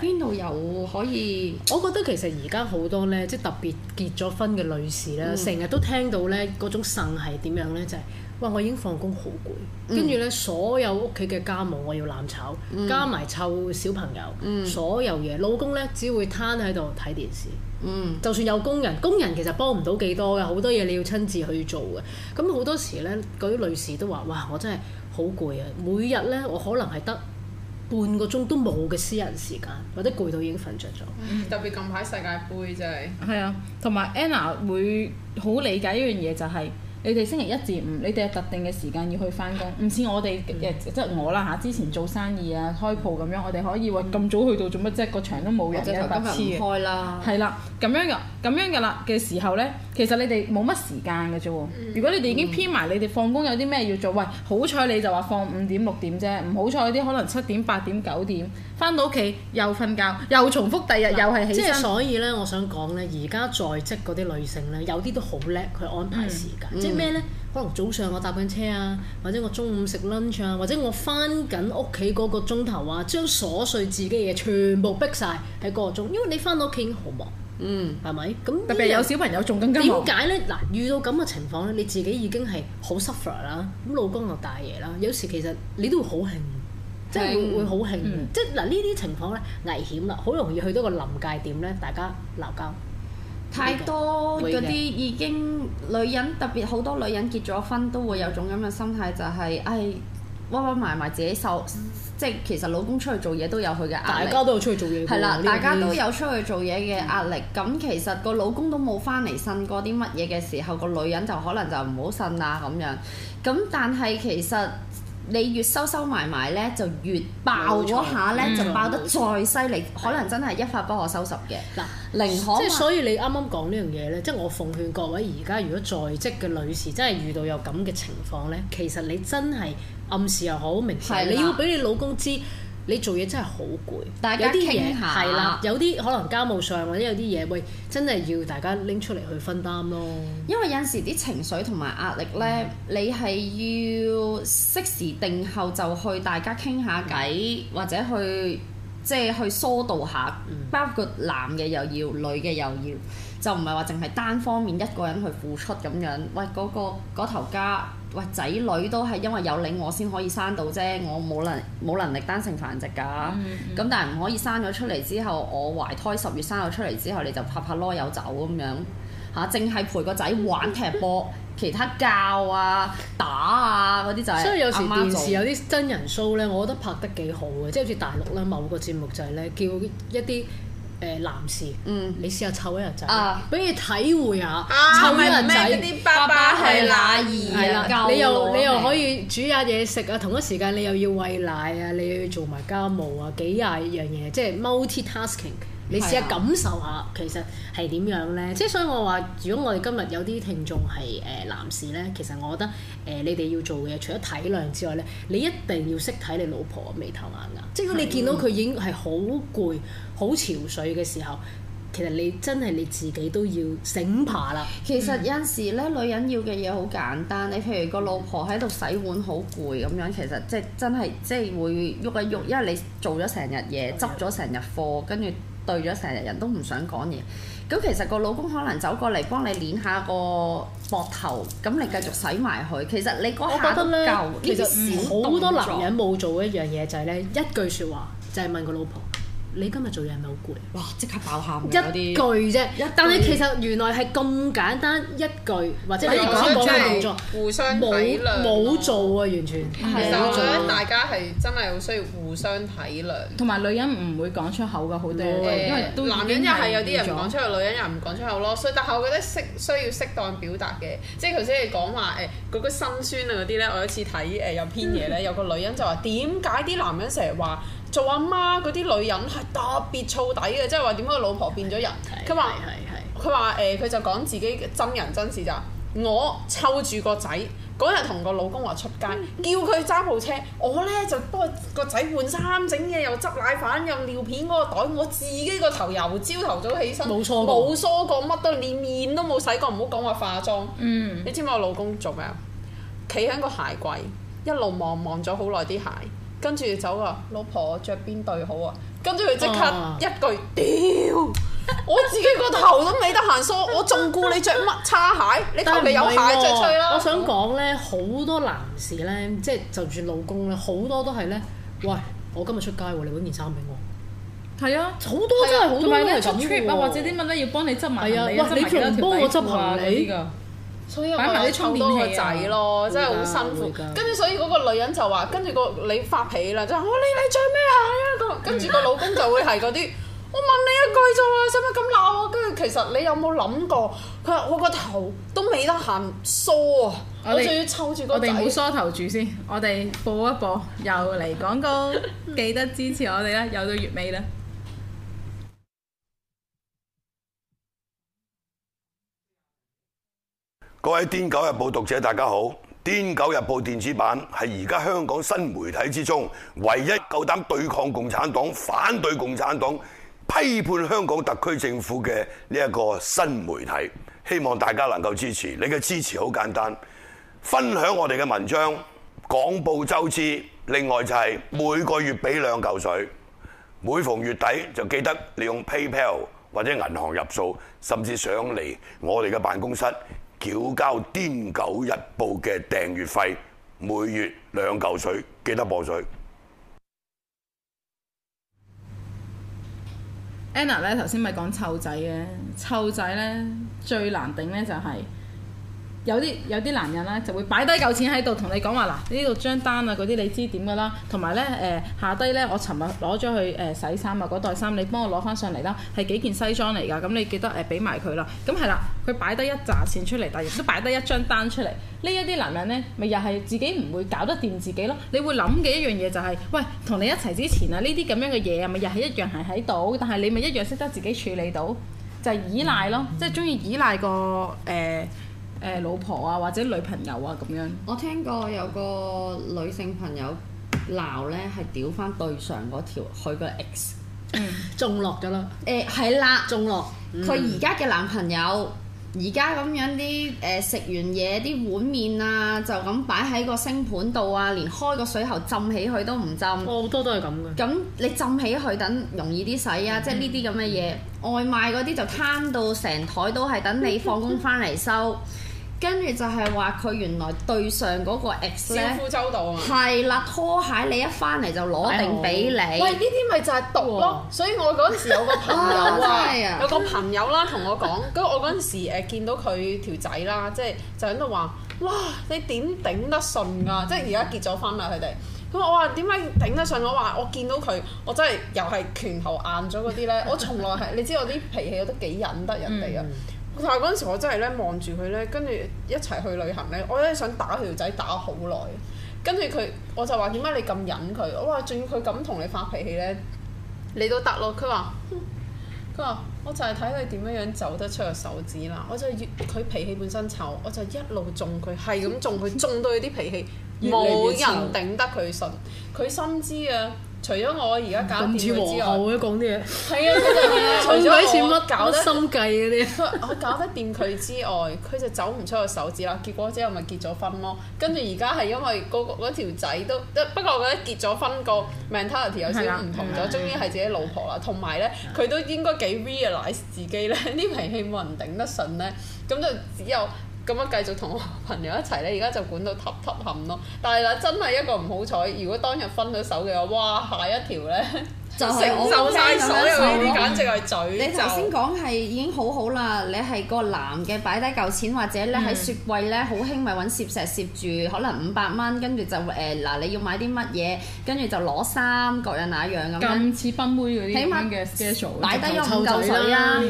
邊度有可以？我覺得其實而家好多呢，即係特別結咗婚嘅女士呢，成日都聽到呢嗰種呻係點樣咧，就係。哇！我已經放工好攰，跟住咧所有屋企嘅家務我要攬炒，嗯、加埋湊小朋友，嗯、所有嘢，老公咧只會攤喺度睇電視。嗯，就算有工人，工人其實幫唔到幾多嘅，好多嘢你要親自去做嘅。咁好多時咧，嗰啲女士都話：哇！我真係好攰啊！每日咧我可能係得半個鐘都冇嘅私人時間，或者攰到已經瞓着咗。嗯、特別近排世界盃真係。係 啊，同埋 Anna 會好理解依樣嘢就係、是。你哋星期一至五，你哋有特定嘅時間要去翻工，唔似我哋、嗯、即係我啦嚇，之前做生意啊開鋪咁樣，我哋可以話咁早去到做乜啫？個場都冇人嘅白痴啊！係斯啦，咁樣嘅咁樣嘅啦嘅時候呢，其實你哋冇乜時間嘅啫喎。如果你哋已經編埋你哋放工有啲咩要做，喂，好彩你就話放五點六點啫，唔好彩啲可能七點八點九點。翻到屋企又瞓覺，又重複，第日又係起身。即係所以咧，我想講咧，而家在職嗰啲女性咧，有啲都好叻，佢安排時間。嗯、即係咩咧？嗯、可能早上我搭緊車啊，或者我中午食 lunch 啊，或者我翻緊屋企嗰個鐘頭啊，將瑣碎自己嘅嘢全部逼晒喺嗰個鐘，因為你翻到屋企已經好忙，嗯，係咪？咁特別有小朋友仲更加忙。點解咧？嗱，遇到咁嘅情況咧，你自己已經係好 suffer 啦。咁老公又大爺啦，有時其實你都會好興。即係會會好興，嗯、即係嗱，呢啲情況咧，危險啦，好容易去到個臨界點咧，大家鬧交。太多嗰啲已經女人的特別好多女人結咗婚都會有種咁嘅心態、就係，就係唉屈屈埋埋自己受，嗯、即係其實老公出去做嘢都有佢嘅壓力，大家都有出去做嘢。係啦，呢個、大家都有出去做嘢嘅壓力。咁、嗯、其實個老公都冇翻嚟呻過啲乜嘢嘅時候，個女人就可能就唔好呻啦咁樣。咁但係其實。你越收收埋埋呢，就越爆咗下呢，運就爆得再犀利，嗯、可能真係一發不可收拾嘅。嗱、嗯，寧可寶即係所以你啱啱講呢樣嘢呢，嗯、即係我奉勸各位而家如果在職嘅女士真係遇到有咁嘅情況呢，其實你真係暗示又好，明示了你要俾你老公知。你做嘢真係好攰，大家傾下有啲嘢係啦，對了 有啲可能家務上或者有啲嘢會真係要大家拎出嚟去分擔咯。因為有時啲情緒同埋壓力呢，嗯、你係要適時定後就去大家傾下偈，嗯、或者去即係、就是、去疏導下，嗯、包括男嘅又要，女嘅又要，就唔係話淨係單方面一個人去付出咁樣，喂嗰、那個嗰頭、那個、家。喂，仔女都係因為有你我先可以生到啫，我冇能冇能力單性繁殖㗎。咁、嗯嗯、但係唔可以生咗出嚟之後，我懷胎十月生咗出嚟之後，你就拍拍籮柚走咁樣嚇，淨、啊、係陪個仔玩踢波， 其他教啊打啊嗰啲就係。所以有時電視有啲真人 show 呢、嗯，我覺得拍得幾好嘅，即係好似大陸呢某個節目就係呢，叫一啲。誒男士，嗯，你試下湊一日仔，俾、啊、你體會下，湊一日仔，爸爸係哪兒啊？的你又麼你又可以煮下嘢食啊，同一時間你又要餵奶啊，你又要做埋家務啊，幾廿樣嘢，即係 multi-tasking。你試下感受下，其實係點樣咧？即係所以我話，如果我哋今日有啲聽眾係誒男士咧，其實我覺得誒、呃、你哋要做嘅嘢，除咗體諒之外咧，你一定要識睇你老婆眉頭眼額。即係如果你見到佢已經係好攰、好憔悴嘅時候，其實你真係你自己都要醒爬啦。其實有陣時咧，嗯、女人要嘅嘢好簡單。你譬如個老婆喺度洗碗好攰咁樣，其實即係真係即係會喐一喐，因為你做咗成日嘢，執咗成日貨，跟住。對咗成日，人都唔想講嘢。咁其實個老公可能走過嚟幫你捏下個膊頭，咁你繼續洗埋佢。其實你嗰下覺得咧，其實好多男人冇做一樣嘢，就係咧一句説話，就係、是、問個老婆。你今日做嘢係咪好攰？哇！即刻爆喊嗰啲句啫，但係其實原來係咁簡單一句，或者你講講下動作，互相體諒，冇冇做啊！完全係啊！我覺得大家係真係好需要互相體諒，同埋女人唔會講出口嘅好多嘢，因為男人又係有啲人唔講出口，女人又唔講出口咯。所以但係我覺得適需要適當表達嘅，即係頭先你講話誒嗰個心酸啊嗰啲咧，我有一次睇誒有篇嘢咧，有個女人就話點解啲男人成日話？做阿媽嗰啲女人係特別燥底嘅，即係話點解個老婆變咗人？佢話佢話誒，佢、呃、就講自己真人真事咋。我湊住個仔嗰日同個老公話出街，嗯、叫佢揸部車，我呢，就幫個仔換衫、整嘢、又執奶粉、又尿片嗰個袋，我自己個頭由朝頭早起身，冇梳過，乜都連面都冇洗過，唔好講話化妝。嗯，你知唔知我老公做咩啊？企喺個鞋櫃一路望望咗好耐啲鞋。跟住走啊！老婆我着邊對好啊？跟住佢即刻一句屌！啊、了我自己個頭都未得閒梳， 我仲顧你着乜叉鞋？你同你有鞋着、啊、出去啦！我想講咧，好多男士咧，即係就住老公咧，好多都係咧，喂，我今日出街喎，你揾件衫俾我。係啊，好多真係好多人。同埋咧出啊，或者啲乜咧要幫你執埋，係啊，哇！你仲幫我執行李？啊所以擺埋啲湊多個仔咯，啊、真係好辛苦。跟住、啊啊、所以嗰個女人就話，跟住、嗯、個你發脾啦，就我你你做咩啊？咁跟住個老公就會係嗰啲， 我問你一句啫，使唔使咁鬧啊？跟住其實你有冇諗過？佢話我個頭都未得閒梳啊，我仲們要湊住個仔。我哋冇梳頭住先，我哋播一播，又嚟廣告， 記得支持我哋啦，又到月尾啦。各位《癲狗日報》讀者，大家好，《癲狗日報》電子版係而家香港新媒體之中唯一夠膽對抗共產黨、反對共產黨、批判香港特區政府嘅呢一個新媒體，希望大家能夠支持。你嘅支持好簡單，分享我哋嘅文章廣播周知。另外就係每個月俾兩嚿水，每逢月底就記得利用 PayPal 或者銀行入數，甚至上嚟我哋嘅辦公室。《繳交癲狗日報》嘅訂閱費每月兩嚿水，幾多磅水？Anna 咧，頭先咪講臭仔嘅，臭仔咧最難頂咧就係。有啲有啲男人咧，就會擺低嚿錢喺度，同你講話嗱呢度張單啊，嗰啲你知點㗎啦。同埋咧誒下低咧，我尋日攞咗去誒洗衫啊，嗰袋衫你幫我攞翻上嚟啦。係幾件西裝嚟㗎？咁你記得誒俾埋佢啦。咁係啦，佢擺低一紮線出嚟，但亦都擺低一張單出嚟。呢一啲男人咧，咪又係自己唔會搞得掂自己咯。你會諗嘅一樣嘢就係、是，喂，同你一齊之前啊，呢啲咁樣嘅嘢啊，咪又係一樣係喺度，但係你咪一樣識得自己處理到，就係、是、依賴咯，即係中意依賴個誒。呃誒老婆啊，或者女朋友啊咁樣。我聽過有個女性朋友鬧呢，係屌翻對上嗰條佢個 ex、嗯、 中落咗了、欸、啦。誒係啦，中落。佢而家嘅男朋友而家咁樣啲誒、呃、食完嘢啲碗麵啊，就咁擺喺個星盆度啊，連開個水喉浸起佢都唔浸。好多都係咁嘅。咁你浸起佢等容易啲洗啊，嗯、即係呢啲咁嘅嘢。嗯、外賣嗰啲就攤到成枱都係等你放工翻嚟收。 跟住就係話佢原來對上嗰個 X 咧、招呼周到啊，係啦拖鞋你一翻嚟就攞定俾你。喂，呢啲咪就係毒咯！哦、所以我嗰陣時有個朋友、哦哦、啊，有個朋友啦，同我講，跟住我嗰陣、嗯、時誒見到佢條仔啦，即係就喺度話，哇，你點頂得順㗎？即係而家結咗婚啦，佢哋。咁我話點解頂得順？我話我見到佢，我真係又係拳頭硬咗嗰啲咧。我從來係你知我啲脾氣，我都幾忍得人哋啊。但係嗰陣時我，我真係咧望住佢咧，跟住一齊去旅行咧。我真係想打佢條仔，打好耐。跟住佢，我就話點解你咁忍佢？我話仲要佢咁同你發脾氣咧，你都得咯。佢話：佢話我就係睇佢點樣樣走得出個手指啦。我就越佢脾氣本身醜，我就一路縱佢，係咁縱佢， 縱到佢啲脾氣，冇人頂得佢順。佢深知啊。除咗我而家搞掂之外，會講啲嘢。係啊！ 除咗 搞得心計嗰啲， 我搞得掂佢之外，佢就走唔出個手指啦。結果之後咪結咗婚咯。跟住而家係因為嗰、嗰、嗰、個、條仔都，不過我覺得結咗婚、個 mentality 有少少唔同咗。啊啊啊、終於係自己老婆啦。同埋咧，佢、啊啊、都應該幾 realise 自己咧，呢 脾氣冇人頂得順咧，咁就只有。咁樣繼續同我朋友一齊咧，而家就管到嗒嗒冚咯。但係啦，真係一個唔好彩，如果當日分咗手嘅話，哇，下一條咧～ 就係我聽所有嗰啲，簡直係嘴。你頭先講係已經好好啦，你係個男嘅擺低嚿錢，或者咧喺雪櫃咧好興咪揾攝石攝住，可能五百蚊，跟住就誒嗱你要買啲乜嘢，跟住就攞衫各樣那樣咁。咁似賓妹嗰啲，起碼擺低咗五嚿水啦。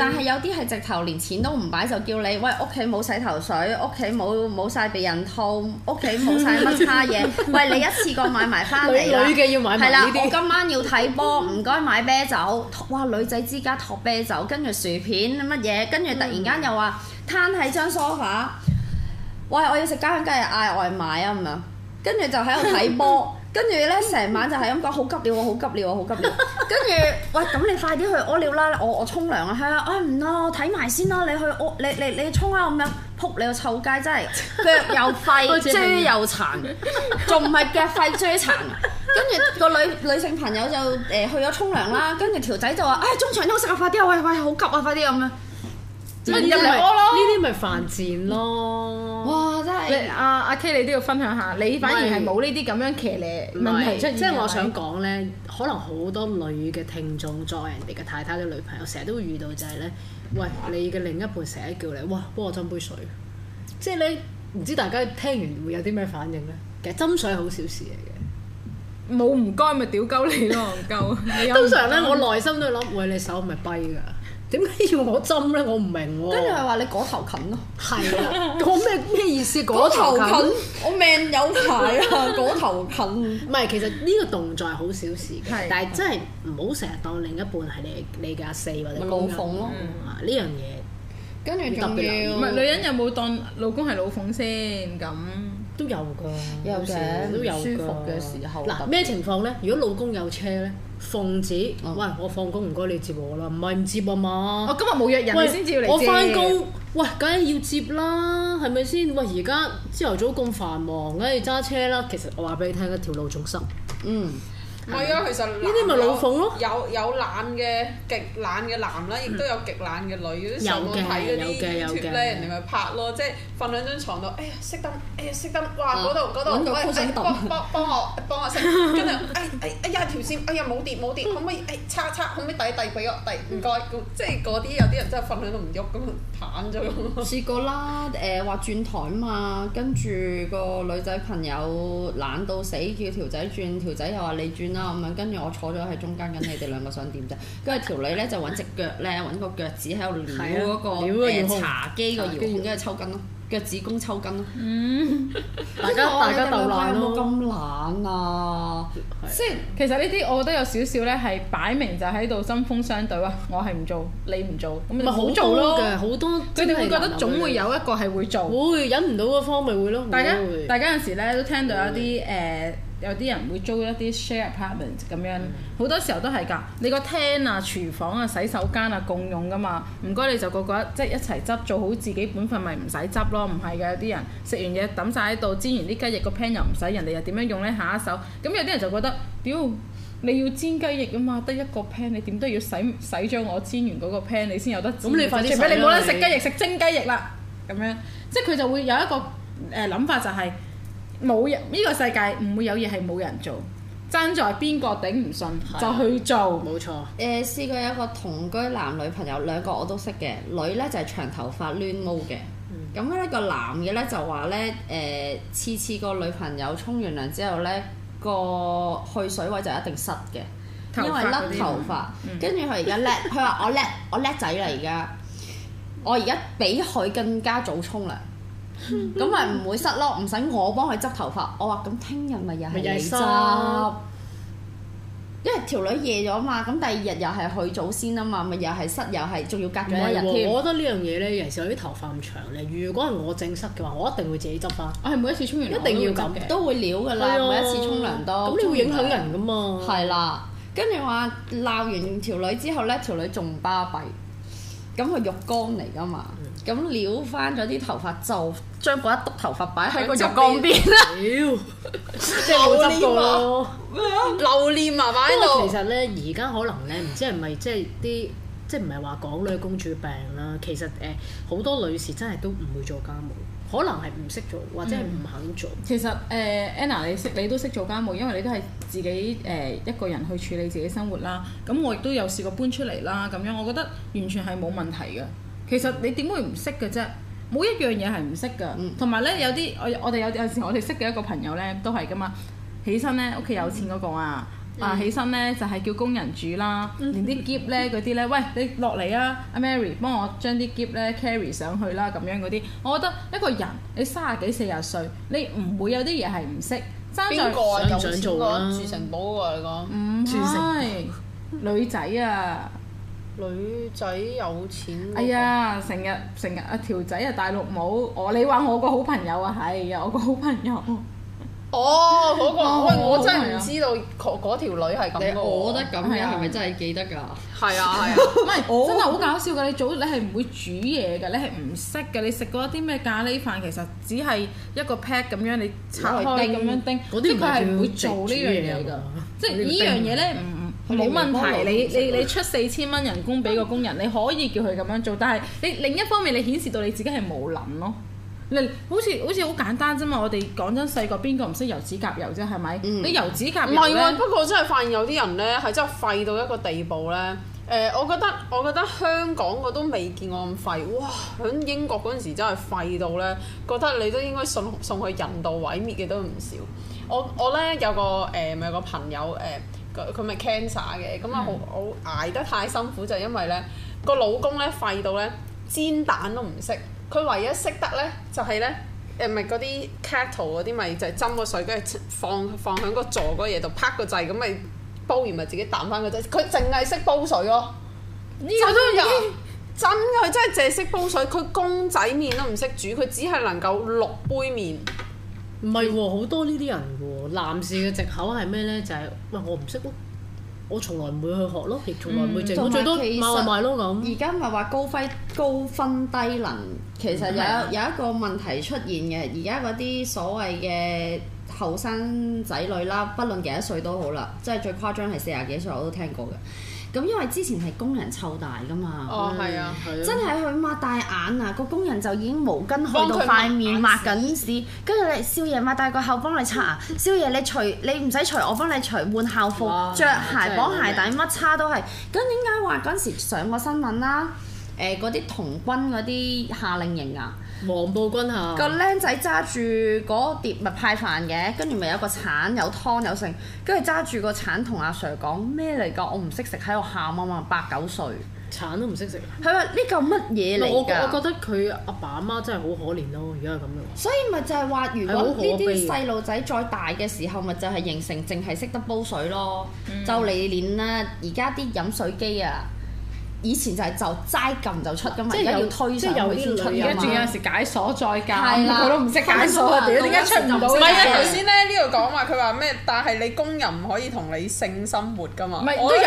但係有啲係直頭連錢都唔擺，就叫你喂屋企冇洗頭水，屋企冇冇曬避孕套，屋企冇曬乜叉嘢，喂你一次過買埋翻嚟啦。女嘅要買埋呢啲。係啦，我今晚要睇。波唔該買啤酒，哇，女仔之家托啤酒，跟住薯片、乜嘢，跟住突然間又話攤喺張梳化，喂，我要食家香雞，梗係嗌外賣啊咁樣，跟住就喺度睇波，跟住咧成晚就係咁講好急尿好急尿啊好急尿，好急 跟住喂，咁你快啲去屙尿啦，我我沖涼啊係啊啊唔咯睇埋先咯，你去屙你你你沖啊咁樣，扑你個臭街真係腳又廢，嘴又殘，仲唔係腳廢嘴殘？跟住個女女性朋友就誒、呃、去咗沖涼啦，啊、跟住條仔就話，唉、哎，中場休息啊，快啲啊，喂喂，好急啊，快啲咁啊！咩嘢、就是、咯？呢啲咪犯賤咯！哇，真係！阿阿、啊、K，你都要分享下，你反而係冇呢啲咁樣騎呢問題。即係是我想講咧，是可能好多女嘅聽眾作為是人哋嘅太太嘅女朋友，成日都會遇到就係、是、咧，喂，你嘅另一半成日叫你，哇，幫我斟杯水。即係你唔知大家聽完會有啲咩反應咧？其實斟水係好小事嚟嘅。冇唔該咪屌鳩你咯，鳩！通常咧，我內心都諗喂，你手咪跛噶，點解要我針咧？我唔明喎。跟住係話你嗰頭近咯。係啦，咩咩意思？嗰頭近，我命有排啊！嗰頭近。唔係，其實呢個動作係好小事，但係真係唔好成日當另一半係你你嘅阿四或者老鳳咯。呢樣嘢跟住特別唔係女人有冇當老公係老鳳先咁？都有㗎，有嘅的，有時都有舒服嘅時候。嗱喇，咩情況呢？嗯、如果老公有車呢，奉旨：「喂，我放工唔該你接我啦，唔係唔接啊嘛？我今日冇約人，我先接你，我翻工，喂，梗係要接啦，係咪先？喂，而家朝頭早咁繁忙，梗係揸車啦。其實我話俾你聽，一條路仲塞。嗯。係啊，其實呢啲咪老奉咯，有有懶嘅極懶嘅男啦，亦都有極懶嘅女。啲上網睇嗰啲貼咧，人哋咪拍咯，即係瞓兩張床度，哎呀熄燈，哎呀熄燈，哇嗰度嗰度，啊嗯、喂，想哎、幫幫我幫我熄，跟住 哎哎呀、哎、條線，哎呀冇跌冇跌，可唔可以哎叉叉，可唔可以遞遞俾我遞？唔該， 即係嗰啲有啲人真係瞓喺度唔喐咁，攤咗咁。 試過啦，誒、呃、話轉台啊嘛，跟住個女仔朋友懶到死，叫條仔轉，條仔又話你轉。咁樣，跟住我坐咗喺中間，咁你哋兩個想點啫？跟住條女咧就揾隻腳咧，揾個腳趾喺度撩嗰個茶几個遙控，跟住抽筋咯，腳趾公抽筋咯。嗯，大家大家鬥懶咯。咁懶啊！即係其實呢啲，我覺得有少少咧，係擺明就喺度針鋒相對啊。我係唔做，你唔做，咁咪好做咯。好多佢哋會覺得總會有一個係會做，會忍唔到嗰方咪會咯。大家大家有時咧都聽到有啲誒。有啲人會租一啲 share apartment 咁樣，好多時候都係㗎。你個廳啊、廚房啊、洗手間啊共用㗎嘛，唔該你就個個一即係一齊執，做好自己本份咪唔使執咯。唔係㗎，有啲人食完嘢抌晒喺度，煎完啲雞翼個 pan 又唔洗，人哋又點樣用呢？下一手咁有啲人就覺得，屌你要煎雞翼啊嘛，得一個 pan 你點都要洗，洗咗我煎完嗰個 pan 你先有得，咁你快啲，你冇得食雞翼，食蒸雞翼啦，咁樣即係佢就會有一個誒諗法就係。冇人呢、呢個世界唔會有嘢係冇人做，爭在邊個頂唔順的就去做沒錯、呃，冇錯。誒試過有一個同居男女朋友兩個我都識嘅，女呢就係、是、長頭髮攣毛嘅，咁咧、嗯、個男嘅呢就話呢，誒、呃、次次個女朋友沖完涼之後呢，個去水位就一定塞嘅，嗯、因為甩頭髮。跟住佢而家叻，佢話 我，我叻，我叻仔啦而家，我而家比佢更加早沖涼。咁咪唔會塞咯，唔使我幫佢執頭髮。我話咁，聽日咪又係你執，塞因為條女夜咗嘛。咁第二日又係佢早先啊嘛，咪又係塞，又係仲要隔咗一日，啊，我覺得呢樣嘢咧，有時我啲頭髮咁長咧，如果係我整塞嘅話，我一定會自己執翻。我係每一次沖完涼都要嘅，都會撩噶啦，每一次沖涼都。咁，啊，你會影響人噶嘛？係啦，跟住話鬧完條女之後咧，條女仲巴閉。咁佢浴缸嚟噶嘛？嗯咁撩翻咗啲頭髮就將嗰一督頭髮擺喺個浴缸邊啦，撩，即係冇執過咯。留念麻嘛，擺喺度，因為其實咧，而家可能咧，唔知係咪即係啲即係唔係話港女公主病啦。其實誒，呃、好多女士真係都唔會做家務，可能係唔識做或者係唔肯做。嗯、其實誒、呃，Anna 你識你都識做家務，因為你都係自己誒一個人去處理自己生活啦。咁我亦都有試過搬出嚟啦，咁樣我覺得完全係冇問題嘅。嗯其實你點會唔識嘅啫？冇一樣嘢係唔識嘅，同埋咧有啲我我哋有有時我哋識嘅一個朋友咧都係噶嘛。起身咧屋企有錢嗰個啊、嗯、啊起身咧就係、是、叫工人煮啦，連啲喼咧嗰啲咧，喂，你落嚟啊，阿 Mary 幫我將啲喼咧 carry 上去啦，咁樣嗰啲。我覺得一個人你三十幾四十歲，你唔會有啲嘢係唔識。邊個啊？夠錢啊？住、嗯哎、城堡啊？你講唔係女仔啊？女仔有錢。哎呀，成日成日啊條仔啊大陸冇我，你話我個好朋友啊係，我個好朋友。好朋友哦，嗰、那個好喂，我真係唔知道嗰條女係咁。你我得咁嘅係咪真係記得㗎？係啊，唔係、啊，真係好搞笑㗎！你早你係唔會煮嘢㗎，你係唔識㗎。你食過啲咩咖喱飯？其實只係一個 pad 咁樣，你炒嚟叮咁樣叮。嗰啲佢係唔會做呢樣嘢㗎，即係呢樣嘢咧。嗯冇問題，你工工你你出四千蚊人工俾個工人，你可以叫佢咁樣做，但係你另一方面，你顯示到你自己係冇諗咯。你好似好似好簡單啫嘛，我哋講真細個，邊個唔識油指甲油啫？係咪？嗯、你油指甲油咧、唔係啊，不過真係發現有啲人呢，係真係廢到一個地步呢。誒、呃，我覺得我覺得香港我都未見我咁廢。哇！喺英國嗰陣時真係廢到呢，覺得你都應該送送去人道毀滅嘅都唔少。我我咧有個誒咪、嗯嗯、有個朋友誒。嗯呃嗯嗯嗯嗯佢咪 cancer 嘅，咁啊好好捱得太辛苦就係因為咧個老公咧廢到咧煎蛋都唔識，佢唯一識得咧就係咧誒唔係嗰啲 kettle 嗰啲咪就係斟個水跟住放放喺個座嗰嘢度拍個掣。咁咪煲完咪自己彈返個掣。佢淨係識煲水咯，呢個都有真佢真係淨係識煲水，佢公仔麵都唔識煮，佢只係能夠落杯麵。唔係喎，好多呢啲人喎，男士嘅藉口係咩呢？就係、是、喂我唔識咯，我從來唔會去學咯，亦從來唔會藉口最多賣賣碌碌。而家咪話高輝高分低能，其實有有一個問題出現嘅。而家嗰啲所謂嘅後生仔女啦，不論幾多歲都好啦，即係最誇張係四十幾歲我都聽過嘅。咁因為之前係工人湊大噶嘛，哦係以對啊，真係佢擘大眼啊，個工人就已經毛巾去到塊面抹緊屎，跟住你少爺擘大個口幫你擦啊， 少爺你除你唔使除，我幫你除，換校服着哇鞋的綁鞋帶乜白叉都係。咁點解話嗰時上個新聞啦？誒嗰啲童軍嗰啲夏令營啊？黃暴君嚇個僆仔揸住嗰碟物派飯嘅，跟住咪有個橙，有湯有剩，跟住揸住個橙同阿 sir 講咩嚟㗎？我唔識食，喺度喊啊嘛，八九歲，橙都唔識食。佢話，呢嚿乜嘢嚟㗎？我我覺得佢阿爸阿媽真係好可憐咯，而家係咁樣。所以咪就係話，如果呢啲細路仔再大嘅時候，咪就係形成淨係識得煲水咯。嗯、就嚟練啦，而家啲飲水機啊～以前就係就齋撳就出噶嘛，即係有推，即係有啲女，仲有時解鎖再交，佢都唔識解鎖，佢點解出唔到？唔係啊，頭先咧呢度講話，佢話咩？但係你工人唔可以同你性生活噶嘛？唔係我都有，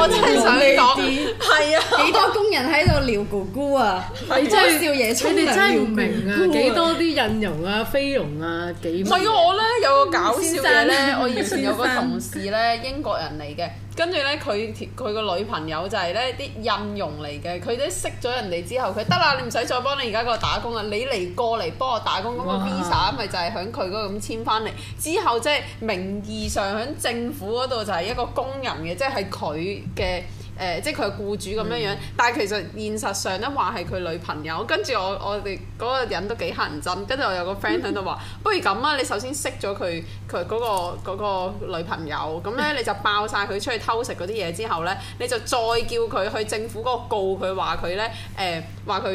我真係想講啲，係啊，幾多工人喺度撩姑姑啊？幾多少爺出嚟唔明啊？幾多啲印傭啊、菲傭啊？幾唔係啊？我咧有個搞笑嘢咧，我以前有個同事咧，英國人嚟嘅。跟住呢，佢佢個女朋友就係呢啲印傭嚟嘅，佢都識咗人哋之後，佢得啦，你唔使再幫你而家個打工啦！你嚟過嚟幫我打工，咁哇個 visa 咪就係響佢嗰度咁簽翻嚟，之後即係名義上響政府嗰度就係一個工人嘅，即係佢嘅。誒、呃，即係佢係僱主咁樣樣，嗯、但係其實現實上咧話係佢女朋友，跟住我我哋嗰個人都幾乞人憎，跟住我有個 friend 喺度話，嗯、不如咁啊，你首先識咗佢佢嗰個女朋友，咁咧你就爆晒佢出去偷食嗰啲嘢之後咧，你就再叫佢去政府嗰個告佢，話佢咧誒話佢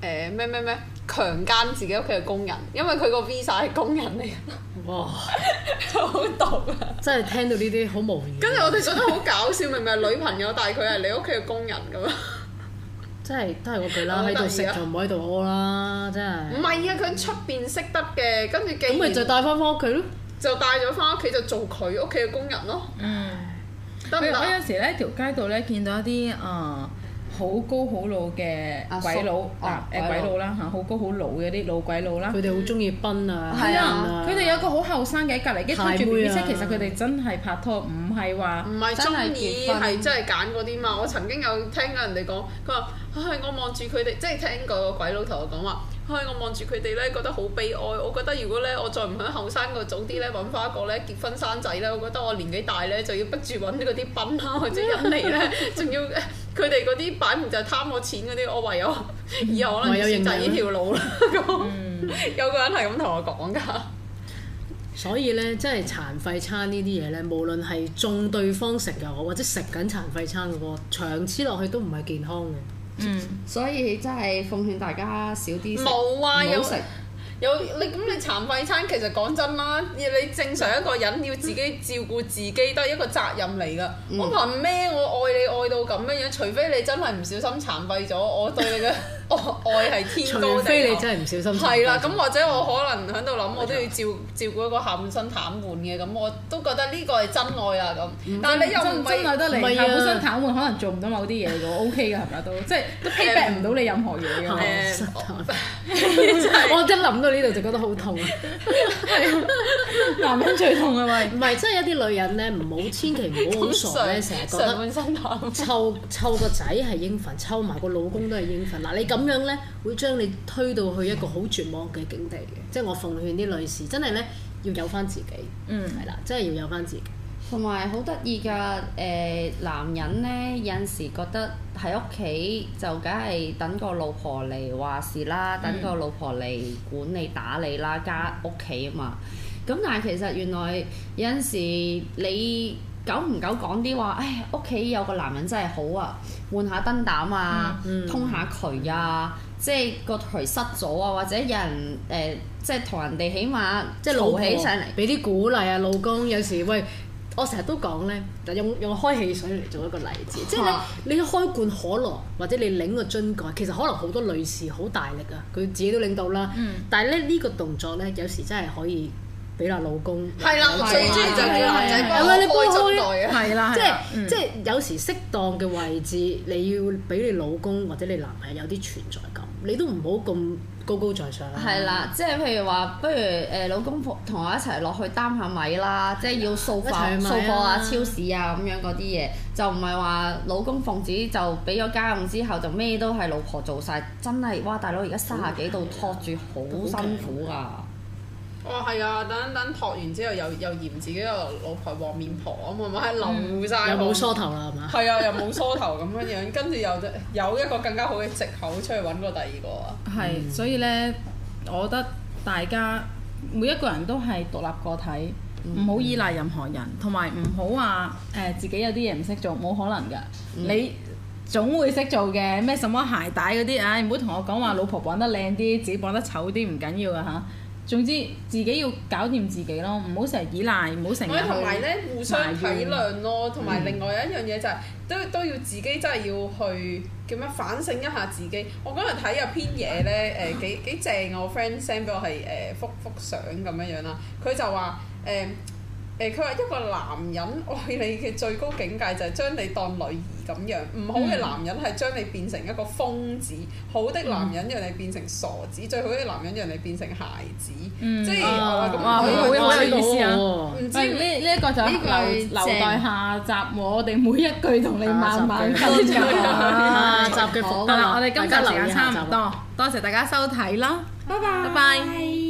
誒咩咩咩。呃強姦自己屋企嘅工人，因為佢個 visa 係工人嚟嘅。哇， 好毒啊！真係聽到呢啲好無語。跟住我哋覺得好搞笑， 明明係女朋友，但係佢係你屋企嘅工人咁樣！真係都係我佢啦，喺度食就唔喺度屙啦，真係。唔係啊，佢喺出邊識得嘅，跟住竟然。咁咪就帶翻翻屋企咯？就帶咗翻屋企就做佢屋企嘅工人咯。嗯唉。特別我有時咧，條街道咧見到一啲啊。呃好高好老嘅鬼佬，啊誒、啊、鬼佬啦嚇，好、呃嗯、高好老嘅啲老鬼佬啦，佢哋好中意賓啊，係啊，佢哋、啊、有個好後生嘅隔離，跟住對住其實佢哋真係拍拖，唔係話唔係中意，係真係揀嗰啲嘛。我曾經有聽過人哋講，佢話，唉、哎，我望住佢哋，即係聽過個鬼佬頭講話。係，我望住佢哋咧，覺得好悲哀。我覺得如果咧，我再唔喺後生嗰早啲咧，揾翻一個咧結婚生仔咧，我覺得我年紀大咧，就要逼住揾啲品啦或者人嚟咧，仲 要佢哋嗰啲擺唔就貪我錢嗰啲，我唯有以後我可能就選擇呢條路啦。有， 有個人係咁同我講㗎。嗯，所以咧，真係殘廢餐呢啲嘢咧，無論係中對方食又好，或者食緊殘廢餐嗰個長黐落去都唔係健康嘅。嗯，所以真係奉勸大家少啲食，冇食、啊，有你咁你殘廢餐其實講真啦，你正常一個人要自己照顧自己都係一個責任嚟㗎。嗯、我憑咩我愛你愛到咁樣樣？除非你真係唔小心殘廢咗，我對你嘅。 愛係天高地厚。除非你真係唔小心。係啦，咁或者我可能喺度諗，我都要照照顧一個下半身癱瘓嘅，咁我都覺得呢個係真愛啊咁。但係你又真愛得嚟，下半身癱瘓可能做唔到某啲嘢嘅，OK 嘅係咪啊？都即係都 payback 唔到你任何嘢嘅。我一諗到呢度就覺得好痛。係啊，男人最痛係咪？唔係，即係一啲女人咧，唔好千祈唔好好傻成日覺得半身癱。湊湊個仔係應份，湊埋個老公都係應份。嗱，你咁樣咧，會將你推到去一個好絕望嘅境地嘅，即係我奉勸啲女士，真係咧，要有翻自己，係啦、嗯，真係要有翻自己。同埋好得意㗎，誒、呃、男人咧有陣時覺得喺屋企就梗係等個老婆嚟話事啦，嗯、等個老婆嚟管理打理啦，加屋企啊嘛。咁但係其實原來有陣時你。久唔久講啲話，唉，屋企有個男人真係好啊，換下燈膽啊，嗯嗯、通下渠啊，即係個渠塞咗啊，或者有人誒、呃，即係同人哋起碼即係攞起上嚟，俾啲鼓勵啊，老公有時喂，我成日都講咧，用用開汽水嚟做一個例子，即係咧你開罐可樂或者你擰個樽蓋，其實可能好多女士好大力啊，佢自己都擰到啦，嗯、但係咧呢個動作咧有時真係可以。俾啦老公，係啦，我最中意就係個男仔幫開你代啊！係啦，即係即係有時適當嘅位置，你要俾你老公或者你男朋友有啲存在感，你都唔好咁高高在上。係啦，即係譬如話，不如誒老公同我一齊落去擔下米啦，即係要掃貨、掃貨啊、超市啊咁樣嗰啲嘢，就唔係話老公奉旨就俾咗家用之後就咩都係老婆做晒。真係哇，大佬而家三十幾度託住好辛苦啊。哦，係啊！等等託完之後又，又又嫌自己個老婆黃面婆吖嘛，係咪流曬？又冇梳頭啦，係嘛？ 係啊，又冇梳頭咁樣樣，跟住又有一個更加好嘅藉口出去揾個第二個啊！係、嗯，所以呢，我覺得大家每一個人都係獨立個體，唔好、嗯、依賴任何人，同埋唔好話誒自己有啲嘢唔識做，冇可能噶，嗯、你總會識做嘅。咩什,什麼鞋帶嗰啲啊？唔好同我講話老婆綁得靚啲，自己綁得醜啲，唔緊要噶嚇。總之，自己要搞掂自己咯，唔好成日依賴，唔好成日去依賴。同埋咧，互相體諒咯，同埋、嗯、另外有一樣嘢就係、是，都都要自己真係要去叫咩反省一下自己。我嗰日睇有篇嘢咧，誒、呃、幾幾正， 我 friend send 咗俾我係誒幅幅相咁樣樣啦，佢就話誒，呃誒，佢話一個男人愛你嘅最高境界就係將你當女兒咁樣，唔好嘅男人係將你變成一個瘋子，好的男人讓你變成傻子，最好嘅男人讓你變成孩子。即係咁，可以去睇下意思啊。唔知呢呢一個就係留待下集，我哋每一句同你慢慢講啊。集嘅，得啦，我哋今日時間差唔多，多謝大家收睇啦，拜拜。